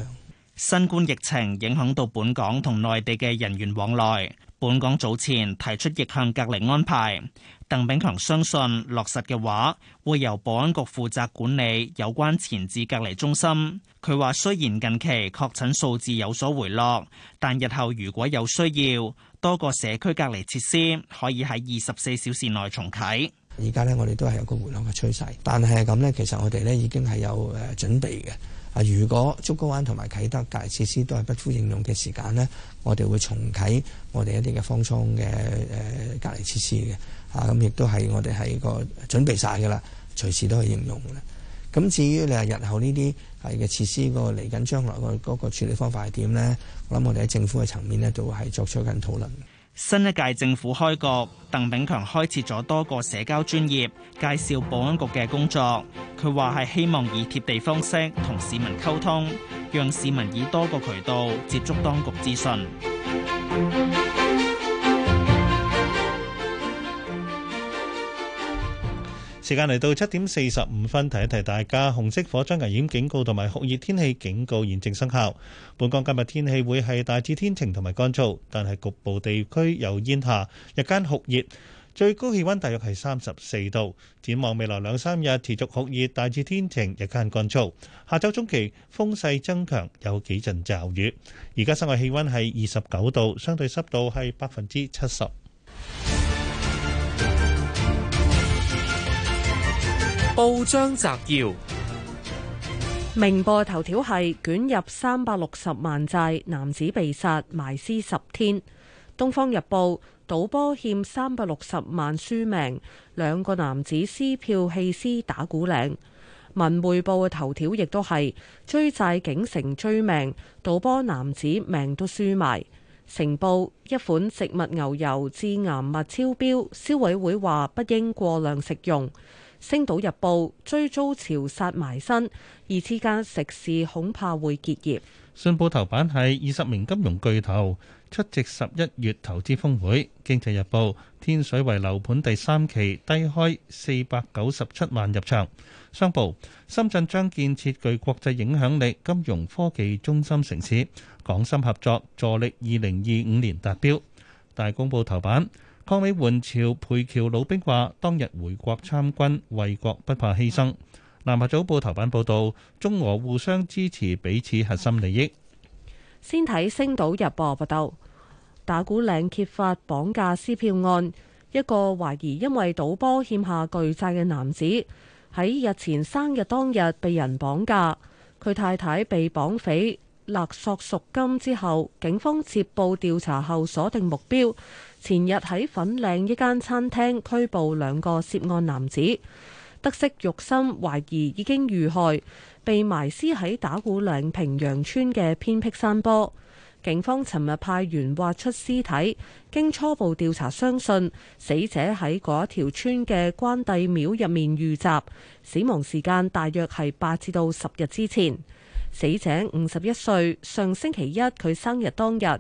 新冠疫情影響到本港同內地嘅人員往來，本港早前提出逆向隔離安排。鄧炳強相信落實嘅話，會由保安局負責管理有關前置隔離中心。佢話：雖然近期確診數字有所回落，但日後如果有需要，多個社區隔離設施可以喺二十四小時內重啟。而家呢，我哋都係有個回落嘅趨勢，但係咁呢，其實我哋呢已經係有誒準備嘅。啊！如果竹篙灣同埋啟德隔離設施都係不敷應用嘅時間呢，我哋會重啟我哋一啲嘅方艙嘅誒隔離設施嘅，啊咁亦都係我哋喺個準備晒噶啦，隨時都可以應用嘅。咁至於你話日後呢啲係嘅設施嗰個嚟緊，來將來個嗰、那個處理方法係點呢？我諗我哋喺政府嘅層面咧，都係作出緊討論。新一屆政府開局，鄧炳強開設咗多個社交專頁，介紹保安局嘅工作。佢話係希望以貼地方式同市民溝通，讓市民以多個渠道接觸當局資訊。時間嚟到七點四十五分，提一提大家，紅色火災危險警告同埋酷熱天氣警告現正生效。本港今日天氣會係大致天晴同埋乾燥，但係局部地區有煙霞。日間酷熱，最高氣温大約係三十四度。展望未來兩三日持續酷熱、大致天晴、日間乾燥。下週中期風勢增強，有幾陣驟雨。而家室外氣温係二十九度，相對濕度係百分之七十。報章摘要：明報頭條係捲入三百六十萬債男子被殺埋屍十天。東方日報賭波欠三百六十萬輸命，兩個男子撕票棄屍打鼓嶺。文匯報嘅頭條亦都係追債警成追命，賭波男子命都輸埋。成報一款植物牛油致癌物超標，消委會話不應過量食用。《星島日報》追租潮殺埋身，二次間食肆恐怕會結業。信報頭版係二十名金融巨頭出席十一月投資峯會。經濟日報，天水圍樓盤第三期低開四百九十七萬入場。商報，深圳將建設具國際影響力金融科技中心城市。港深合作助力二零二五年達標。大公報頭版。抗美援朝佩橋老兵話：當日回國參軍，為國不怕犧牲。南華早報頭版報道，中俄互相支持彼此核心利益。先睇《星島日報》報道，打鼓嶺揭發綁架撕票案，一個懷疑因為賭波欠下巨債嘅男子喺日前生日當日被人綁架，佢太太被綁匪勒索贖金之後，警方接報調查後鎖定目標。前日喺粉嶺一間餐廳拘捕兩個涉案男子，得悉肉參懷疑已經遇害，被埋屍喺打鼓嶺坪洋村嘅偏僻山坡。警方尋日派員挖出屍體，經初步調查，相信死者喺嗰條村嘅關帝廟入面遇襲，死亡時間大約係八至到十日之前。死者五十一歲，上星期一佢生日當日。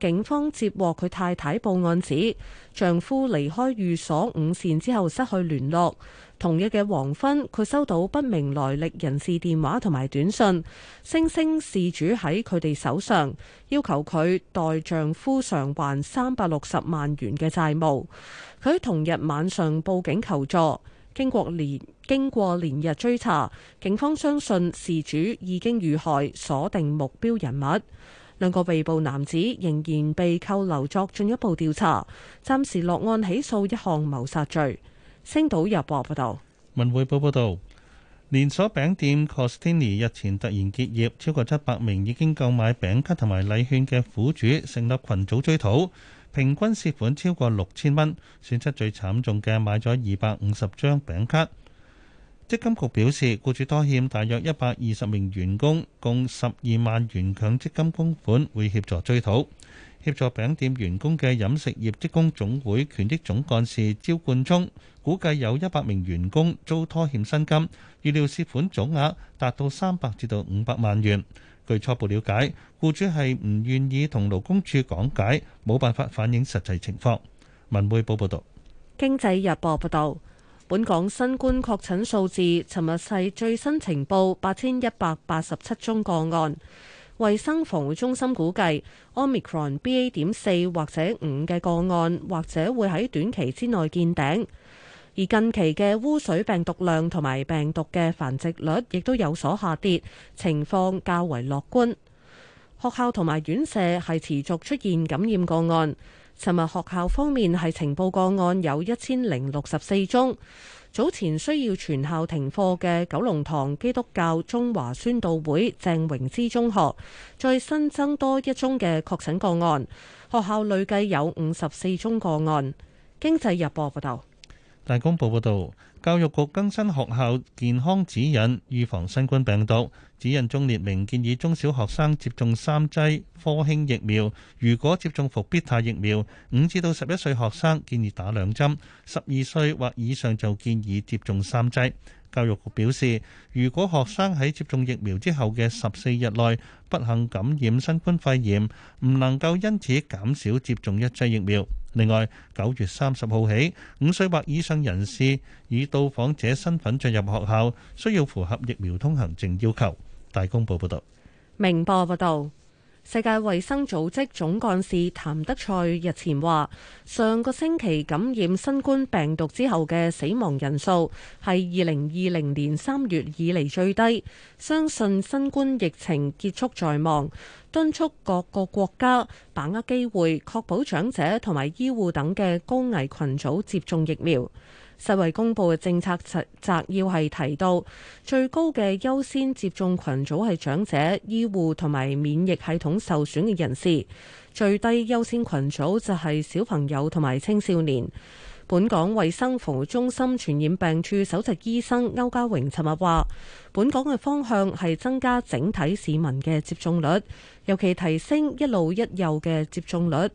警方接獲佢太太報案指，丈夫離開寓所午膳之後失去聯絡。同日嘅黃昏，佢收到不明來歷人士電話同埋短信，聲稱事主喺佢哋手上，要求佢代丈夫償還三百六十萬元嘅債務。佢喺同日晚上報警求助，經過連經過連日追查，警方相信事主已經遇害，鎖定目標人物。兩個被捕男子仍然被扣留作進一步調查，暫時落案起訴一項謀殺罪。星島日報報道。文匯報報道，連鎖餅店 Costini 日前突然結業，超過七百名已經購買餅卡同埋禮券嘅苦主成立群組追討，平均涉款超過六千蚊，損失最慘重嘅買咗二百五十張餅卡。積金局表示，雇主拖欠大約一百二十名員工共十二萬元強積金供款，會協助追討。協助餅店員工嘅飲食業職工總會權益總幹事招冠中估計有一百名員工遭拖欠薪金，預料涉款總額達到三百至到五百萬元。據初步瞭解，雇主係唔願意同勞工處講解，冇辦法反映實際情況。文匯報報導，《經濟日報》報導。本港新冠確診數字，尋日係最新情報八千一百八十七宗個案。衛生防護中心估計，Omicron BA. 點四或者五嘅個案，或者會喺短期之內見頂。而近期嘅污水病毒量同埋病毒嘅繁殖率，亦都有所下跌，情況較為樂觀。學校同埋院舍係持續出現感染個案。尋日學校方面係呈報，個案有一千零六十四宗，早前需要全校停課嘅九龍塘基督教中華宣道會鄭榮之中學，再新增多一宗嘅確診個案，學校累計有五十四宗個案。經濟日報報道，大公報報道，教育局更新學校健康指引，預防新冠病毒。指引中列明建議中小學生接種三劑科興疫苗，如果接種復必泰疫苗，五至到十一歲學生建議打兩針，十二歲或以上就建議接種三劑。教育局表示，如果學生喺接種疫苗之後嘅十四日內不幸感染新冠肺炎，唔能夠因此減少接種一劑疫苗。另外，九月三十號起，五歲或以上人士以到訪者身份進入學校，需要符合疫苗通行證要求。大公報報道，明報報道，世界衛生組織總幹事譚德賽日前話，上個星期感染新冠病毒之後嘅死亡人數係二零二零年三月以嚟最低，相信新冠疫情結束在望，敦促各個國家把握機會，確保長者同埋醫護等嘅高危群組接種疫苗。世衛公布嘅政策摘要，係提到最高嘅優先接種群組係長者、醫護同埋免疫系統受損嘅人士，最低優先群組就係小朋友同埋青少年。本港衛生服務中心傳染病處首席醫生歐家榮尋日話，本港嘅方向係增加整體市民嘅接種率，尤其提升一路一幼嘅接種率。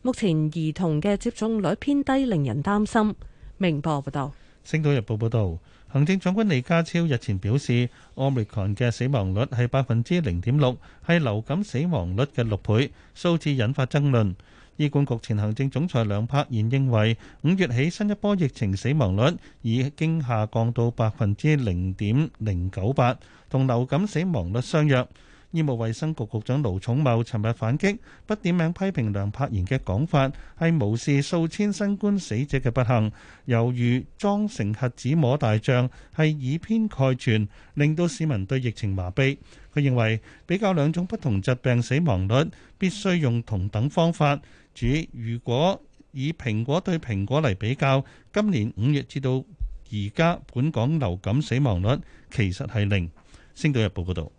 目前兒童嘅接種率偏低，令人擔心。明報報道，《星島日報》報道，行政長官李家超日前表示，Omicron 嘅死亡率係百分之零點六，係流感死亡率嘅六倍，數字引發爭論。醫管局前行政總裁梁柏賢認為，五月起新一波疫情死亡率已經下降到百分之零點零九八，同流感死亡率相若。醫務衛生局局長盧寵茂尋日反擊，不點名批評梁柏賢嘅講法係無視數千新冠死者嘅不幸，由於裝成核子摸大象，係以偏概全，令到市民對疫情麻痹。佢認為比較兩種不同疾病死亡率必須用同等方法。指如果以蘋果對蘋果嚟比較，今年五月至到而家本港流感死亡率其實係零。星島日報嗰度。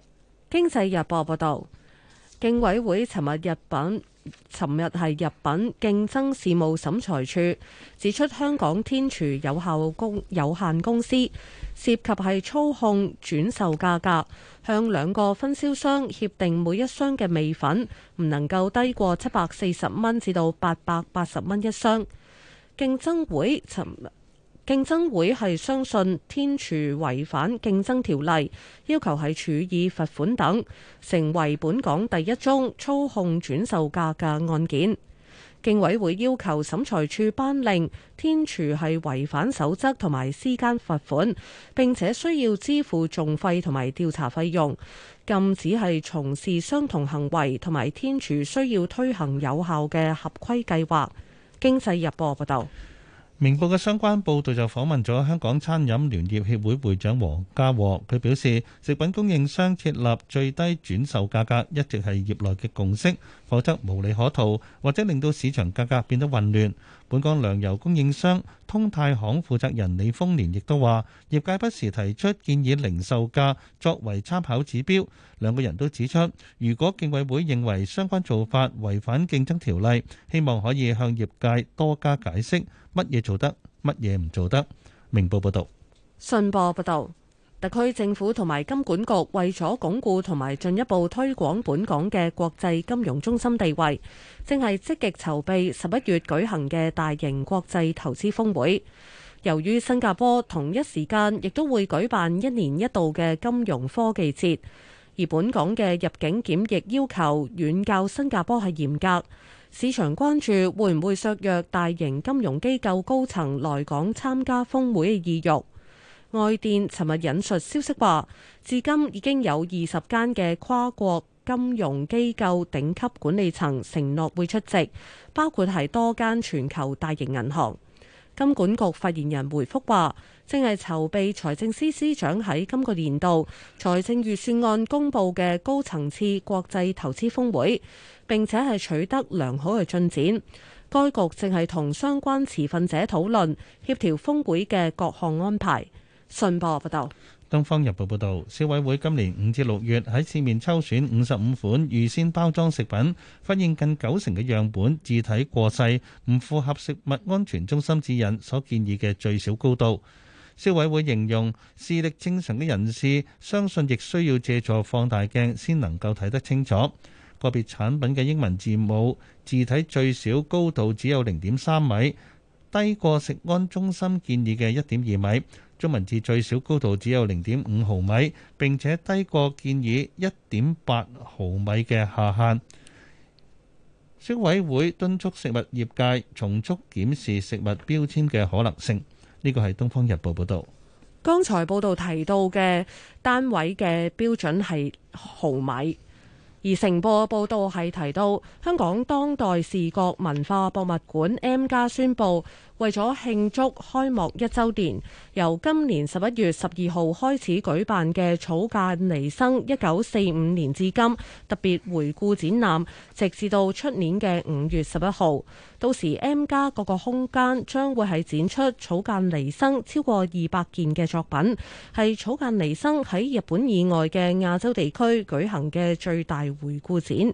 經濟日報報道，競委會尋日入稟，尋日係入稟競爭事務審裁處，指出，香港天廚有效公有限公司涉及係操控轉售價格，向兩個分銷商協定每一箱嘅味粉唔能夠低過七百四十蚊至到八百八十蚊一箱。競爭會尋。競爭會係相信天廚違反競爭條例，要求係處以罰款等，成為本港第一宗操控轉售價嘅案件。競委會要求審裁處頒令天廚係違反守則同埋私間罰款，並且需要支付仲費同埋調查費用，禁止係從事相同行為，同埋天廚需要推行有效嘅合規計劃。經濟日報報道。明報嘅相關報導就訪問咗香港餐飲聯業協會會長黃家和，佢表示，食品供應商設立最低轉售價格一直係業內嘅共識，否則無利可圖，或者令到市場價格變得混亂。本港糧油供應商通泰行負責人李豐年亦都話：業界不時提出建議零售價作為參考指標。兩個人都指出，如果競委會認為相關做法違反競爭條例，希望可以向業界多加解釋乜嘢做得，乜嘢唔做得。明報報導，信報報導。特區政府同埋金管局為咗鞏固同埋進一步推廣本港嘅國際金融中心地位，正係積極籌備十一月舉行嘅大型國際投資峰會。由於新加坡同一時間亦都會舉辦一年一度嘅金融科技節，而本港嘅入境檢疫要求遠較新加坡係嚴格，市場關注會唔會削弱大型金融機構高層來港參加峰會嘅意欲。外電尋日引述消息話，至今已經有二十間嘅跨國金融機構頂級管理層承諾會出席，包括係多間全球大型銀行。金管局發言人回覆話，正係籌備財政司司長喺今個年度財政預算案公布嘅高層次國際投資峰會，並且係取得良好嘅進展。該局正係同相關持份者討論協調峰會嘅各項安排。信報報道，《東方日報》報道，消委會今年五至六月喺市面抽選五十五款預先包裝食品，發現近九成嘅樣本字體過細，唔符合食物安全中心指引所建議嘅最小高度。消委會形容視力正常嘅人士相信亦需要借助放大鏡先能夠睇得清楚。個別產品嘅英文字母字體最小高度只有零點三米，低過食安中心建議嘅一點二米。中文字最少高度只有零點五毫米，並且低過建議一點八毫米嘅下限。消委會敦促食物業界從速檢視食物標籤嘅可能性。呢個係《東方日報,報導》報道。剛才報道提到嘅單位嘅標準係毫米，而成報報,報道係提到香港當代視覺文化博物館 M+ 宣布。為咗慶祝開幕一周年，由今年十一月十二號開始舉辦嘅草間彌生一九四五年至今特別回顧展覽，直至到出年嘅五月十一號。到時 M+ 各個空間將會係展出草間彌生超過二百件嘅作品，係草間彌生喺日本以外嘅亞洲地區舉行嘅最大回顧展。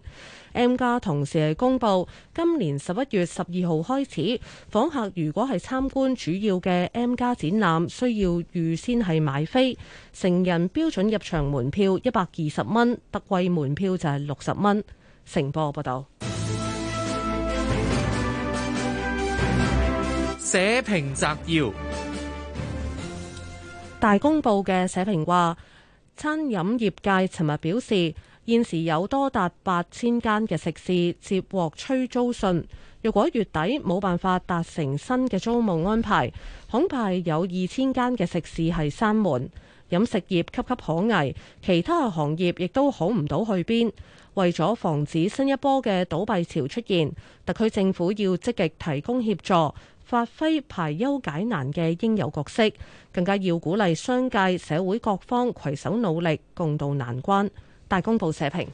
M+ 同時係公佈，今年十一月十二號開始，訪客如果係參觀主要嘅 M+ 展覽，需要預先係買飛。成人標準入場門票一百二十蚊，特惠門票就係六十蚊。成播報道：社評摘要：大公報嘅社評話，餐飲業界尋日表示，現時有多達八千間嘅食肆接獲催租信，如果月底冇辦法達成新嘅租務安排，恐怕有二千間嘅食肆係閂門。飲食業岌岌可危，其他行業亦都好唔到去邊。為咗防止新一波嘅倒閉潮出現，特區政府要積極提供協助，發揮排憂解難嘅應有角色，更加要鼓勵商界、社會各方攜手努力，共渡難關。大公報社評。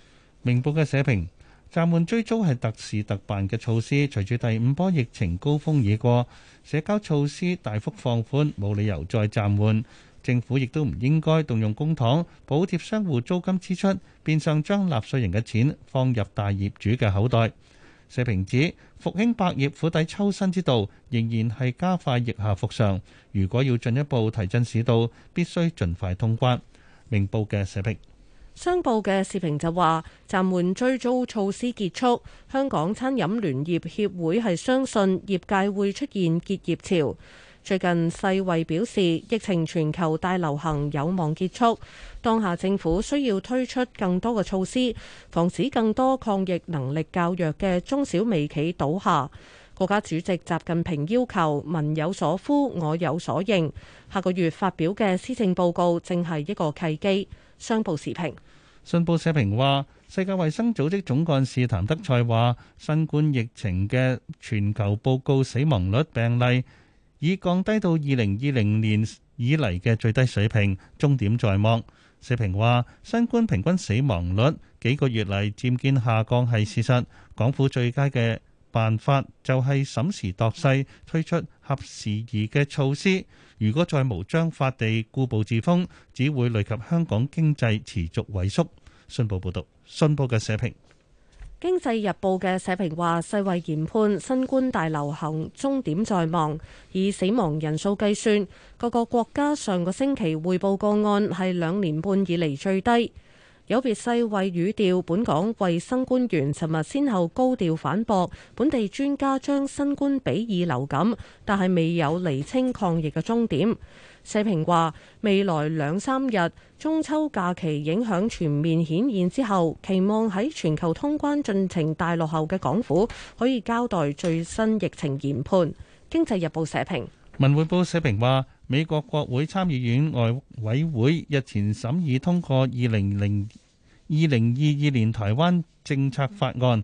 明報嘅社評：暫緩追租係特事特辦嘅措施，隨住第五波疫情高峰已過，社交措施大幅放寬，冇理由再暫緩。政府亦都唔應該動用公帑補貼商戶租金支出，變相將納稅人嘅錢放入大業主嘅口袋。社評指復興百業釜底抽薪之道，仍然係加快疫下復上。如果要進一步提振市道，必須盡快通關。明報嘅社評。商報嘅視頻就話，暫緩追租措施結束。香港餐飲聯業協會係相信業界會出現結業潮。最近世衞表示，疫情全球大流行有望結束。當下政府需要推出更多嘅措施，防止更多抗疫能力較弱嘅中小微企倒下。國家主席習近平要求民有所呼，我有所應。下個月發表嘅施政報告正係一個契機。商報視頻。信報社評話，世界衛生組織總幹事譚德塞話，新冠疫情嘅全球報告死亡率病例已降低到二零二零年以嚟嘅最低水平，終點在望。社評話新冠平均死亡率幾個月嚟漸見下降係事實，港府最佳嘅辦法就係審時度勢推出合時宜嘅措施。如果再無章法地固步自封，只會累及香港經濟持續萎縮。信報報道，信報嘅社評，《經濟日報》嘅社評話：世衛研判新冠大流行終點在望，以死亡人數計算，各個國家上個星期匯報個案係兩年半以嚟最低。有別世衛語調，本港衛生官員尋日先後高調反駁，本地專家將新冠比擬流感，但係未有厘清抗疫嘅終點。社評話：未來兩三日中秋假期影響全面顯現之後，期望喺全球通關進程大落後嘅港府可以交代最新疫情研判。經濟日報社評，文匯報社評話：美國國會參議院外委會日前審議通過二零零二零二二年台灣政策法案。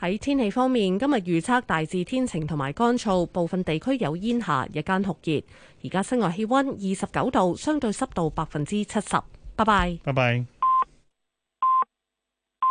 喺天氣方面，今日預測大致天晴同埋乾燥，部分地區有煙霞，日間酷熱。而家室外氣溫二十九度，相對濕度百分之七十。拜拜。拜拜。